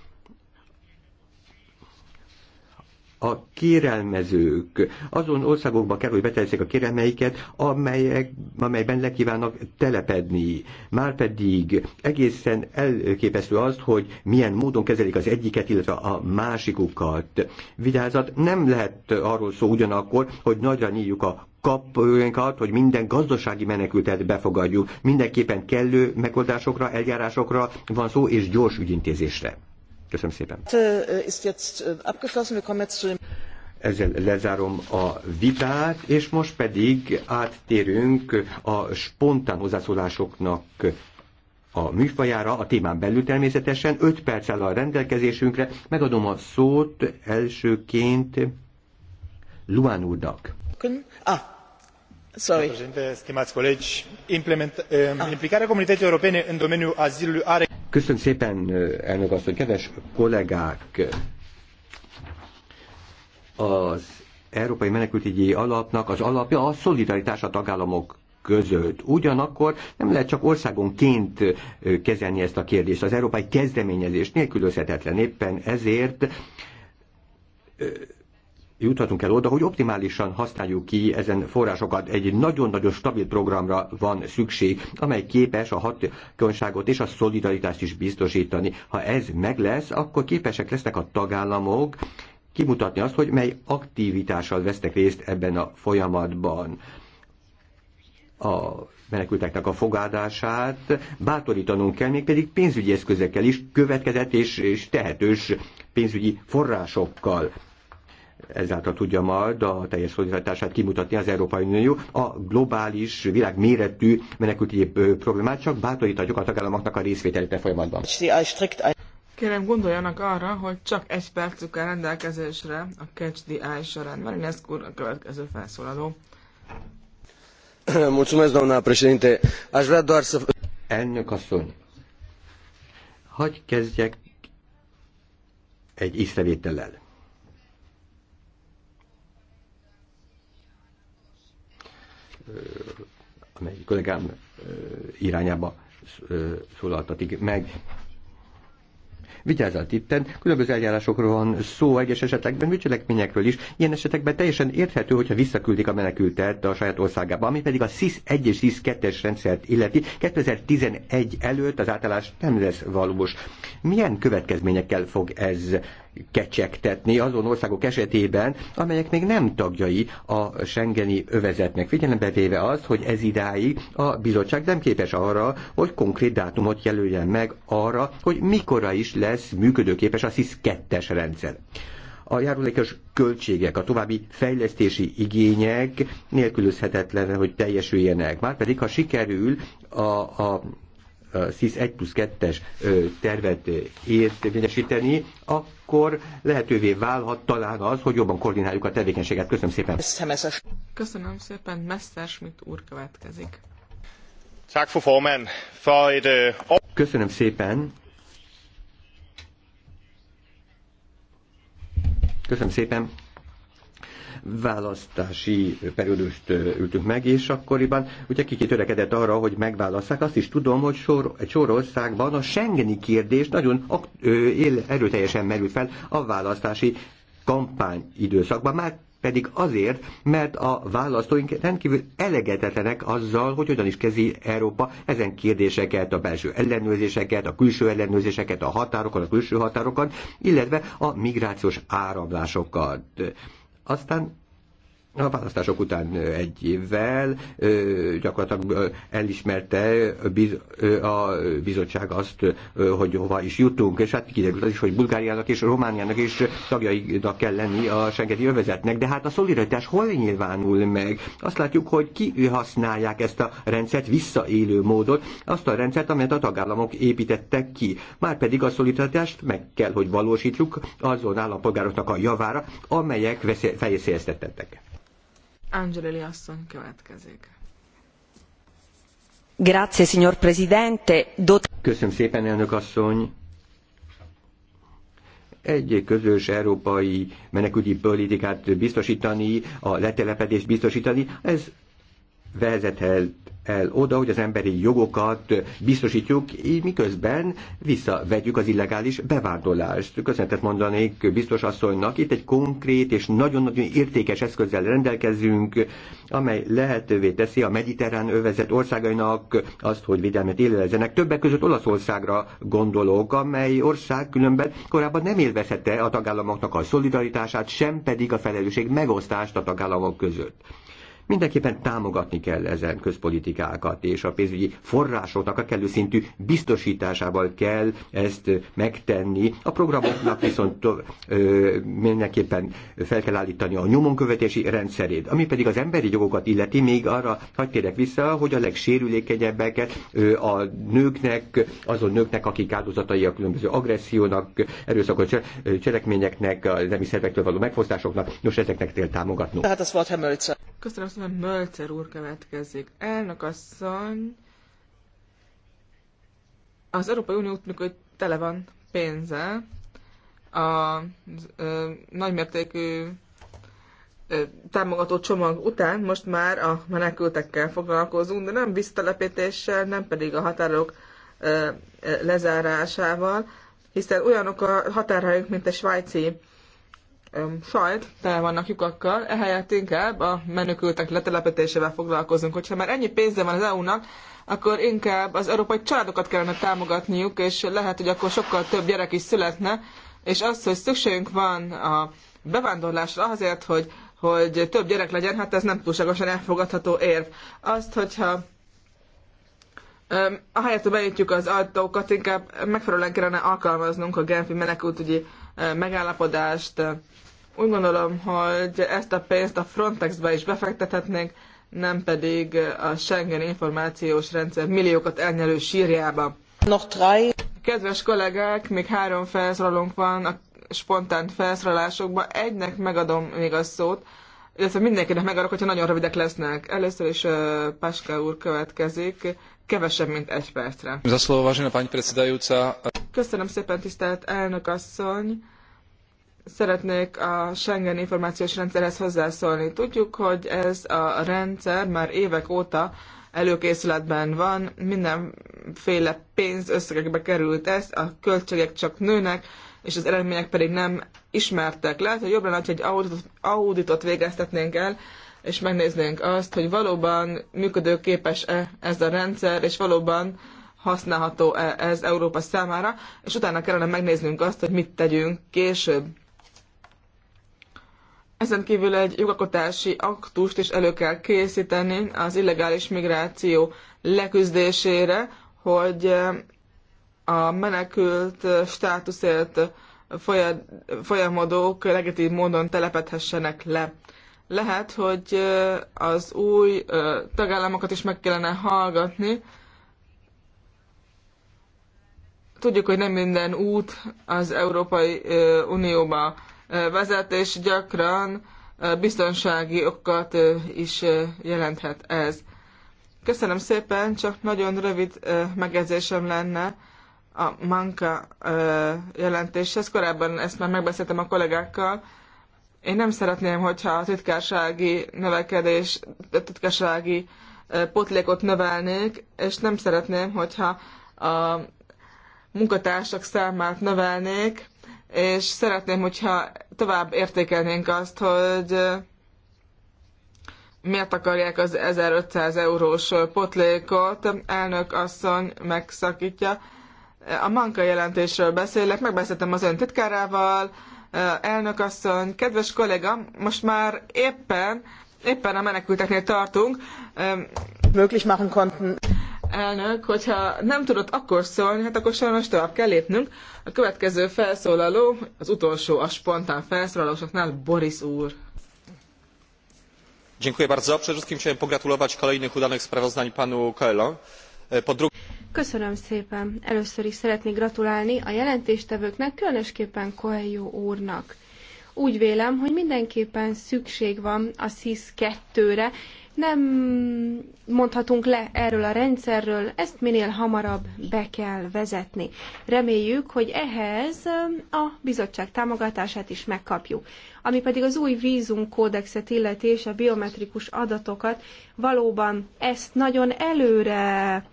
a kérelmezők azon országokba kell, hogy beteljessék a kérelmeiket, amelyek, amelyben lekívánnak telepedni. Márpedig egészen elképesztő az, hogy milyen módon kezelik az egyiket, illetve a másikukat. Vigyázat, nem lehet arról szó ugyanakkor, hogy nagyra nyíljuk a kapjunkat, hogy minden gazdasági menekültet befogadjuk. Mindenképpen kellő megoldásokra, eljárásokra van szó, és gyors ügyintézésre. Köszönöm szépen. Hát, Ezzel lezárom a vitát, és most pedig áttérünk a spontán hozzászólásoknak a műfajára, a témán belül természetesen. öt perc áll a rendelkezésünkre. Megadom a szót elsőként Luán úrnak. Ah, implicarea comunității europene în domeniul azilului are. Köszönöm szépen, eh, elnök asszony, kedves kollégák! Az Európai Menekültügyi Alapnak az alapja a szolidaritás a tagállamok között. Ugyanakkor nem lehet csak országonként eh, kezelni ezt a kérdést. Az európai kezdeményezés nélkülözhetetlen éppen ezért eh, juthatunk el oda, hogy optimálisan használjuk ki ezen forrásokat. Egy nagyon-nagyon stabil programra van szükség, amely képes a hatékonyságot és a szolidaritást is biztosítani. Ha ez meg lesz, akkor képesek lesznek a tagállamok kimutatni azt, hogy mely aktivitással vesznek részt ebben a folyamatban. A menekülteknek a fogadását, bátorítanunk kell, mégpedig pénzügyi eszközekkel is, következett és, és tehetős pénzügyi forrásokkal ezáltal tudja majd a teljes szolidaritását kimutatni az Európai Unió. A globális, világméretű menekültügyi problémát csak bátorítatjuk a tagállamoknak a részvételét e folyamatban. Kérem, gondoljanak arra, hogy csak egy percük áll rendelkezésre a Catch the Eye során. Marinescu úr, a következő felszólaló. Mulțumesc, doamna președinte. Aș vrea doar să... Elnök asszony, hagyj kezdjek egy észrevétellel. amely kollégám irányába szólaltatik meg. Vigyázzat itten, különböző eljárásokról van szó egyes esetekben, bűncselekményekről is. Ilyen esetekben teljesen érthető, hogyha visszaküldik a menekültet a saját országába, ami pedig a SZIS 1 és SZIS 2-es rendszert illeti. 2011 előtt az átállás nem lesz valós. Milyen következményekkel fog ez kecsegtetni azon országok esetében, amelyek még nem tagjai a Schengeni övezetnek. Figyelembe véve az, hogy ez idáig a bizottság nem képes arra, hogy konkrét dátumot jelöljen meg arra, hogy mikora is lesz működőképes a SZISZ 2 rendszer a járulékos költségek, a további fejlesztési igények nélkülözhetetlen, hogy teljesüljenek. Márpedig, ha sikerül a, a SZISZ 1 plusz 2-es tervet érvényesíteni, akkor lehetővé válhat talán az, hogy jobban koordináljuk a tevékenységet. Köszönöm szépen. Köszönöm szépen. Messerschmidt úr következik. Øh, Köszönöm szépen. Köszönöm szépen választási periódust ültünk meg, és akkoriban ugye kicsit törekedett arra, hogy megválasszák. Azt is tudom, hogy sor, egy sor országban a Schengeni kérdés nagyon él, erőteljesen merül fel a választási kampány időszakban, már pedig azért, mert a választóink rendkívül elegetetlenek azzal, hogy hogyan is kezi Európa ezen kérdéseket, a belső ellenőrzéseket, a külső ellenőrzéseket, a határokon, a külső határokon, illetve a migrációs áramlásokat. Aztán a választások után egy évvel gyakorlatilag elismerte a bizottság azt, hogy hova is jutunk, és hát kiderült az is, hogy Bulgáriának és Romániának is tagjainak kell lenni a Schengeni övezetnek, de hát a szolidaritás hol nyilvánul meg? Azt látjuk, hogy használják ezt a rendszert visszaélő módon, azt a rendszert, amelyet a tagállamok építettek ki. Márpedig a szolidaritást meg kell, hogy valósítsuk azon állampolgároknak a javára, amelyek veszélyeztetettek. Angelili asszony következik. Grazie, signor Presidente. Dot... Köszönöm szépen, elnök asszony egy közös európai menekülti politikát biztosítani, a letelepedést biztosítani, ez vezethet el oda, hogy az emberi jogokat biztosítjuk, így miközben visszavegyük az illegális bevándorlást. Köszönetet mondanék biztos asszonynak, itt egy konkrét és nagyon-nagyon értékes eszközzel rendelkezünk, amely lehetővé teszi a mediterrán övezet országainak azt, hogy védelmet élelezenek. Többek között Olaszországra gondolok, amely ország különben korábban nem élvezhette a tagállamoknak a szolidaritását, sem pedig a felelősség megosztást a tagállamok között. Mindenképpen támogatni kell ezen közpolitikákat, és a pénzügyi forrásoknak a kellő szintű biztosításával kell ezt megtenni. A programoknak viszont ö, mindenképpen fel kell állítani a nyomonkövetési rendszerét. Ami pedig az emberi jogokat illeti, még arra hagy térek vissza, hogy a legsérülékenyebbeket ö, a nőknek, azon nőknek, akik áldozatai a különböző agressziónak, erőszakos cselekményeknek, az nemi szervektől való megfosztásoknak, nos, ezeknek kell támogatnunk. Hát ez volt Köszönöm azt mondom, Mölcer úr következik. Elnök asszony, az Európai Unió hogy tele van pénze, a ö, nagymértékű támogató csomag után most már a menekültekkel foglalkozunk, de nem visszatelepítéssel, nem pedig a határok lezárásával, hiszen olyanok a határaink, mint a svájci sajt tele vannak lyukakkal, ehelyett inkább a menekültek letelepítésével foglalkozunk. Hogyha már ennyi pénze van az EU-nak, akkor inkább az európai családokat kellene támogatniuk, és lehet, hogy akkor sokkal több gyerek is születne, és az, hogy szükségünk van a bevándorlásra azért, hogy, hogy több gyerek legyen, hát ez nem túlságosan elfogadható érv. Azt, hogyha ahelyett, hogy benyitjuk az ajtókat, inkább megfelelően kellene alkalmaznunk a Genfi menekültügyi megállapodást. Úgy gondolom, hogy ezt a pénzt a Frontexbe is befektethetnénk, nem pedig a Schengen információs rendszer milliókat elnyelő sírjába. Kedves kollégák, még három felszólalónk van a spontán felszólalásokban. Egynek megadom még a szót, illetve mindenkinek megadok, hogyha nagyon rövidek lesznek. Először is uh, Páska úr következik, kevesebb, mint egy percre. Zaszló, vážená pani predsedajúca. Köszönöm szépen, tisztelt elnök asszony! Szeretnék a Schengen információs rendszerhez hozzászólni. Tudjuk, hogy ez a rendszer már évek óta előkészületben van, mindenféle pénzösszegekbe került ez, a költségek csak nőnek, és az eredmények pedig nem ismertek. Lehet, hogy jobban, hogy egy auditot, auditot végeztetnénk el, és megnéznénk azt, hogy valóban működőképes-e ez a rendszer, és valóban használható -e ez Európa számára, és utána kellene megnéznünk azt, hogy mit tegyünk később. Ezen kívül egy jogakotási aktust is elő kell készíteni az illegális migráció leküzdésére, hogy e, a menekült státuszért folyamodók legitim módon telepedhessenek le. Lehet, hogy e, az új e, tagállamokat is meg kellene hallgatni, Tudjuk, hogy nem minden út az Európai Unióba vezet, és gyakran biztonsági okokat is jelenthet ez. Köszönöm szépen, csak nagyon rövid megjegyzésem lenne a Manka jelentéshez. Korábban ezt már megbeszéltem a kollégákkal. Én nem szeretném, hogyha a titkársági növekedés, a titkársági potlékot növelnék, és nem szeretném, hogyha a munkatársak számát növelnék, és szeretném, hogyha tovább értékelnénk azt, hogy miért akarják az 1500 eurós potlékot, elnök asszony megszakítja. A manka jelentésről beszélek, megbeszéltem az ön titkárával, elnök asszony, kedves kollega, most már éppen, éppen a menekülteknél tartunk. Möglich machen konnten elnök, hogyha nem tudott akkor szólni, hát akkor sajnos tovább kell lépnünk. A következő felszólaló, az utolsó a spontán felszólalósoknál, Boris úr. Dziękuję bardzo. Przede wszystkim chciałem pogratulować kolejnych udanych sprawozdań panu Coelho. E, po Köszönöm szépen. Először is szeretnék gratulálni a jelentéstevőknek, különösképpen Coelho úrnak. Úgy vélem, hogy mindenképpen szükség van a SIS 2-re, nem mondhatunk le erről a rendszerről, ezt minél hamarabb be kell vezetni. Reméljük, hogy ehhez a bizottság támogatását is megkapjuk. Ami pedig az új vízumkódexet illeti és a biometrikus adatokat, valóban ezt nagyon előre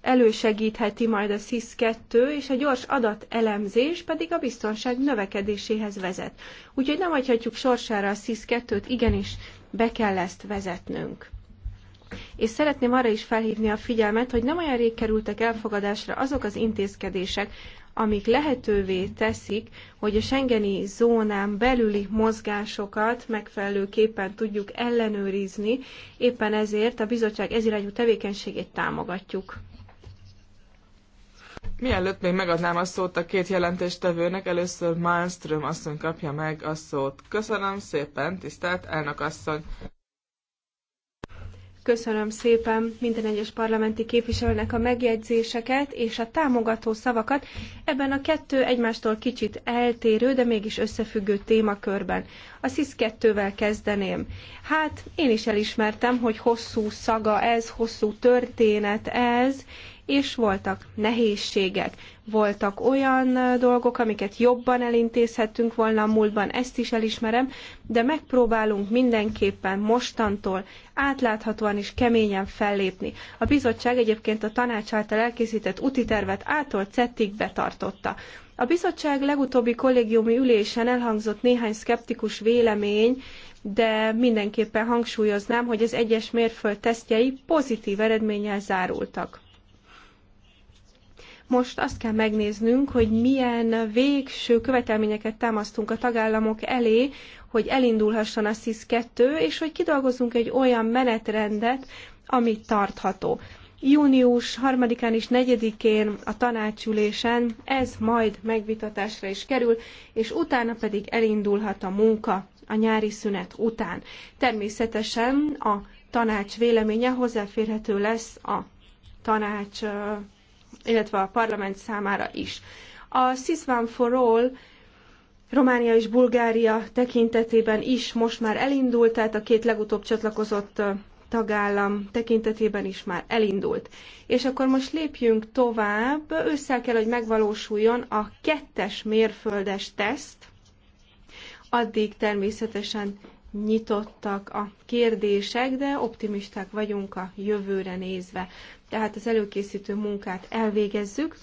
elősegítheti majd a SIS-2, és a gyors adatelemzés pedig a biztonság növekedéséhez vezet. Úgyhogy nem hagyhatjuk sorsára a SIS-2-t, igenis be kell ezt vezetnünk. És szeretném arra is felhívni a figyelmet, hogy nem olyan rég kerültek elfogadásra azok az intézkedések, amik lehetővé teszik, hogy a Schengeni zónán belüli mozgásokat megfelelőképpen tudjuk ellenőrizni, éppen ezért a bizottság ezirányú tevékenységét támogatjuk. Mielőtt még megadnám a szót a két jelentéstevőnek, először Malmström asszony kapja meg a szót. Köszönöm szépen, tisztelt elnök asszony! Köszönöm szépen minden egyes parlamenti képviselőnek a megjegyzéseket és a támogató szavakat ebben a kettő egymástól kicsit eltérő, de mégis összefüggő témakörben. A SZISZ 2-vel kezdeném. Hát én is elismertem, hogy hosszú szaga ez, hosszú történet ez, és voltak nehézségek, voltak olyan dolgok, amiket jobban elintézhettünk volna a múltban, ezt is elismerem, de megpróbálunk mindenképpen mostantól átláthatóan és keményen fellépni. A bizottság egyébként a tanács által elkészített tervet ától cettig betartotta. A bizottság legutóbbi kollégiumi ülésen elhangzott néhány szkeptikus vélemény, de mindenképpen hangsúlyoznám, hogy az egyes mérföld tesztjei pozitív eredménnyel zárultak. Most azt kell megnéznünk, hogy milyen végső követelményeket támasztunk a tagállamok elé, hogy elindulhasson a SZISZ 2, és hogy kidolgozzunk egy olyan menetrendet, ami tartható. Június 3-án és 4-én a tanácsülésen ez majd megvitatásra is kerül, és utána pedig elindulhat a munka a nyári szünet után. Természetesen a tanács véleménye hozzáférhető lesz a tanács illetve a parlament számára is. A Sisvan for All Románia és Bulgária tekintetében is most már elindult, tehát a két legutóbb csatlakozott tagállam tekintetében is már elindult. És akkor most lépjünk tovább, össze kell, hogy megvalósuljon a kettes mérföldes teszt, addig természetesen nyitottak a kérdések, de optimisták vagyunk a jövőre nézve tehát az előkészítő munkát elvégezzük.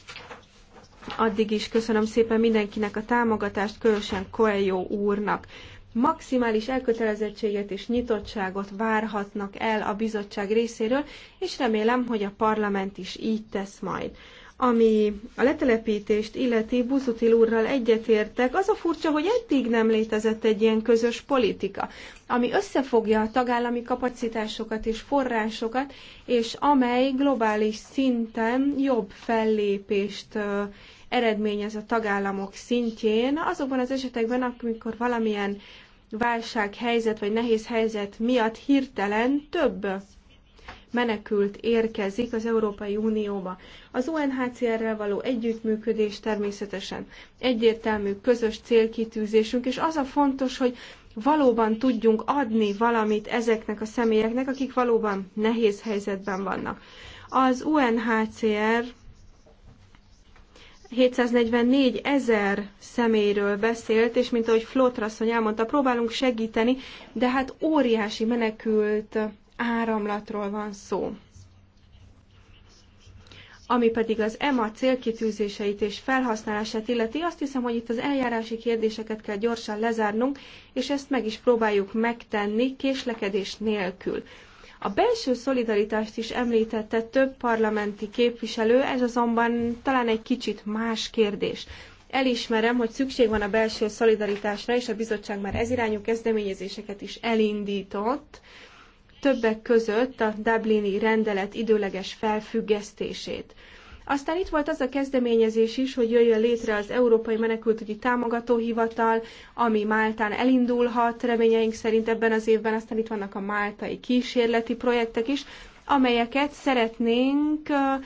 Addig is köszönöm szépen mindenkinek a támogatást, különösen Coelho úrnak. Maximális elkötelezettséget és nyitottságot várhatnak el a bizottság részéről, és remélem, hogy a parlament is így tesz majd. Ami a letelepítést illeti Buzutil úrral egyetértek, az a furcsa, hogy eddig nem létezett egy ilyen közös politika, ami összefogja a tagállami kapacitásokat és forrásokat, és amely globális szinten jobb fellépést eredményez a tagállamok szintjén, azokban az esetekben, amikor valamilyen válsághelyzet vagy nehéz helyzet miatt hirtelen több menekült érkezik az Európai Unióba. Az UNHCR-rel való együttműködés természetesen egyértelmű közös célkitűzésünk, és az a fontos, hogy valóban tudjunk adni valamit ezeknek a személyeknek, akik valóban nehéz helyzetben vannak. Az UNHCR 744 ezer személyről beszélt, és mint ahogy Flótrasszony elmondta, próbálunk segíteni, de hát óriási menekült áramlatról van szó. Ami pedig az EMA célkitűzéseit és felhasználását illeti, azt hiszem, hogy itt az eljárási kérdéseket kell gyorsan lezárnunk, és ezt meg is próbáljuk megtenni késlekedés nélkül. A belső szolidaritást is említette több parlamenti képviselő, ez azonban talán egy kicsit más kérdés. Elismerem, hogy szükség van a belső szolidaritásra, és a bizottság már ez irányú kezdeményezéseket is elindított, többek között a Dublini rendelet időleges felfüggesztését. Aztán itt volt az a kezdeményezés is, hogy jöjjön létre az Európai Menekültügyi Támogatóhivatal, ami Máltán elindulhat reményeink szerint ebben az évben, aztán itt vannak a máltai kísérleti projektek is, amelyeket szeretnénk uh,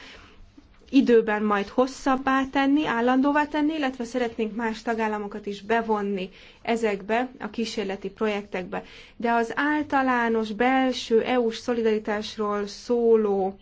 időben majd hosszabbá tenni, állandóvá tenni, illetve szeretnénk más tagállamokat is bevonni ezekbe a kísérleti projektekbe. De az általános belső EU-s szolidaritásról szóló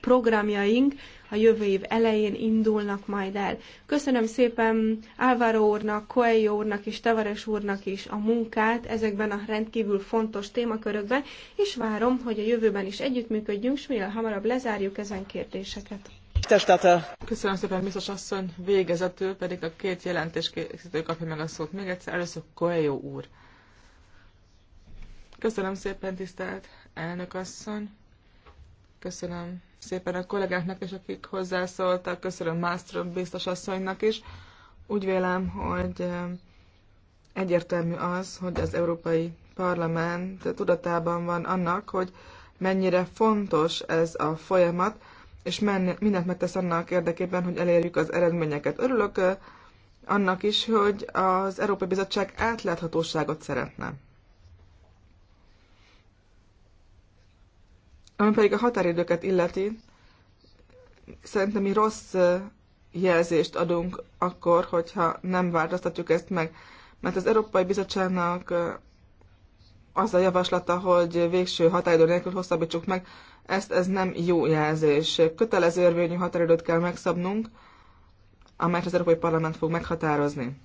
programjaink a jövő év elején indulnak majd el. Köszönöm szépen Álvaro úrnak, Coelho úrnak és Tavares úrnak is a munkát ezekben a rendkívül fontos témakörökben, és várom, hogy a jövőben is együttműködjünk, és minél hamarabb lezárjuk ezen kérdéseket. Berichterstatter. Köszönöm szépen, biztos asszony. Végezetül pedig a két jelentés készítő kapja meg a szót. Még egyszer először Coelho úr. Köszönöm szépen, tisztelt elnök asszony. Köszönöm szépen a kollégáknak is, akik hozzászóltak. Köszönöm Mástrom biztos asszonynak is. Úgy vélem, hogy eh, egyértelmű az, hogy az Európai Parlament tudatában van annak, hogy mennyire fontos ez a folyamat, és men, mindent megtesz annak érdekében, hogy elérjük az eredményeket. Örülök annak is, hogy az Európai Bizottság átláthatóságot szeretne. Ami pedig a határidőket illeti, szerintem mi rossz jelzést adunk akkor, hogyha nem változtatjuk ezt meg. Mert az Európai Bizottságnak az a javaslata, hogy végső határidő nélkül hosszabbítsuk meg, ezt ez nem jó jelzés. Kötelező érvényű határidőt kell megszabnunk, amelyet az Európai Parlament fog meghatározni.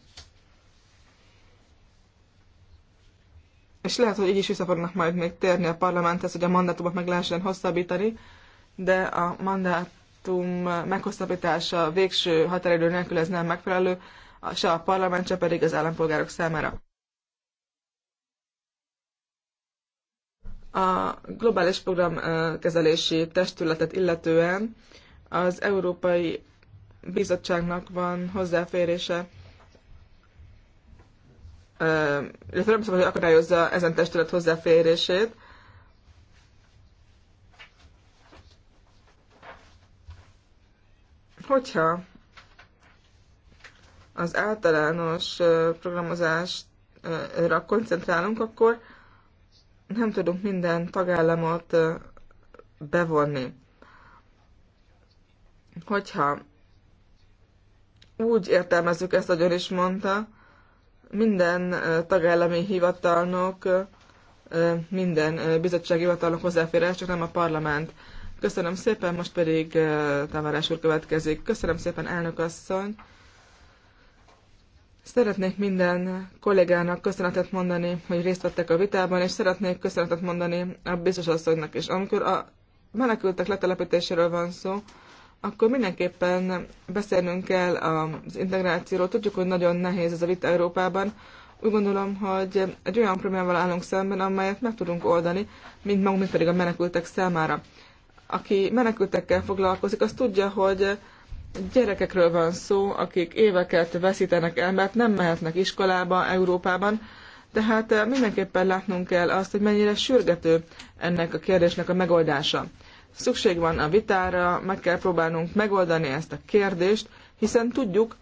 És lehet, hogy így is vissza fognak majd még térni a parlamenthez, hogy a mandátumot meg lehessen hosszabbítani, de a mandátum meghosszabbítása végső határidő nélkül ez nem megfelelő, se a parlament, se pedig az állampolgárok számára. A globális programkezelési testületet illetően az Európai Bizottságnak van hozzáférése, illetve nem szabad, hogy akadályozza ezen testület hozzáférését, hogyha az általános programozásra koncentrálunk, akkor nem tudunk minden tagállamot bevonni. Hogyha úgy értelmezzük ezt, ahogy ön is mondta, minden tagállami hivatalnok, minden bizottsági hivatalnok hozzáférés, csak nem a parlament. Köszönöm szépen, most pedig Tavarás úr következik. Köszönöm szépen, elnök asszony! Szeretnék minden kollégának köszönetet mondani, hogy részt vettek a vitában, és szeretnék köszönetet mondani a biztos asszonynak is. Amikor a menekültek letelepítéséről van szó, akkor mindenképpen beszélnünk kell az integrációról. Tudjuk, hogy nagyon nehéz ez a vita Európában. Úgy gondolom, hogy egy olyan problémával állunk szemben, amelyet meg tudunk oldani, mint magunk, mint pedig a menekültek számára. Aki menekültekkel foglalkozik, az tudja, hogy Gyerekekről van szó, akik éveket veszítenek el, mert nem mehetnek iskolába Európában, tehát eh, mindenképpen látnunk kell azt, hogy mennyire sürgető ennek a kérdésnek a megoldása. Szükség van a vitára, meg kell próbálnunk megoldani ezt a kérdést, hiszen tudjuk,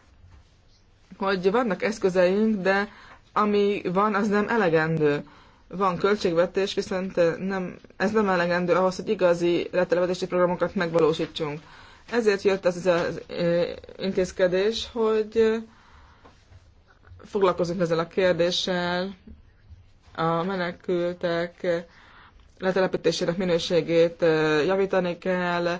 hogy vannak eszközeink, de ami van, az nem elegendő. Van költségvetés, viszont eh, nem, ez nem elegendő ahhoz, hogy igazi letelepedési programokat megvalósítsunk. Ezért jött ez az intézkedés, hogy foglalkozunk ezzel a kérdéssel, a menekültek letelepítésének minőségét javítani kell,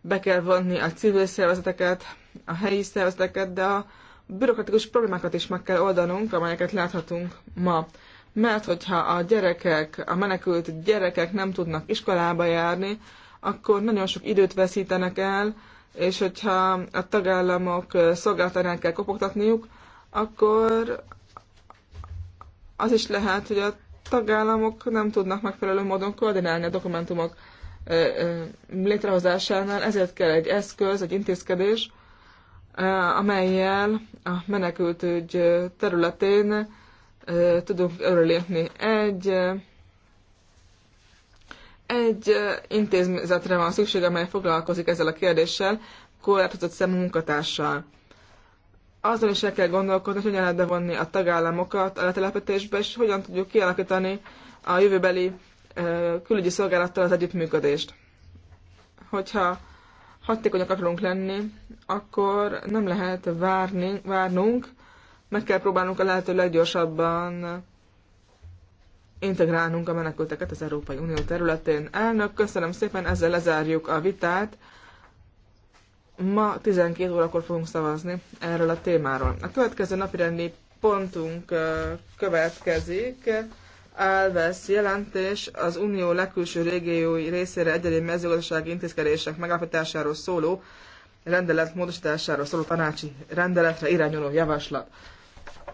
be kell vonni a civil szervezeteket, a helyi szervezeteket, de a bürokratikus problémákat is meg kell oldanunk, amelyeket láthatunk ma. Mert hogyha a gyerekek, a menekült gyerekek nem tudnak iskolába járni, akkor nagyon sok időt veszítenek el, és hogyha a tagállamok szolgáltatánál kell kopogtatniuk, akkor az is lehet, hogy a tagállamok nem tudnak megfelelő módon koordinálni a dokumentumok létrehozásánál, ezért kell egy eszköz, egy intézkedés, amelyel a menekültügy területén tudunk előlépni. Egy egy intézményzetre van szükség, amely foglalkozik ezzel a kérdéssel, korlátozott szemű munkatárssal. Azon is el kell gondolkodni, hogy hogyan lehet bevonni a tagállamokat a letelepítésbe, és hogyan tudjuk kialakítani a jövőbeli külügyi szolgálattal az együttműködést. Hogyha hatékonyak akarunk lenni, akkor nem lehet várni, várnunk, meg kell próbálnunk a lehető leggyorsabban integrálnunk a menekülteket az Európai Unió területén. Elnök, köszönöm szépen, ezzel lezárjuk a vitát. Ma 12 órakor fogunk szavazni erről a témáról. A következő napirendi pontunk következik. Elvesz jelentés az Unió legkülső régiói részére egyedi mezőgazdasági intézkedések megállapításáról szóló rendelet módosításáról szóló tanácsi rendeletre irányuló javaslat.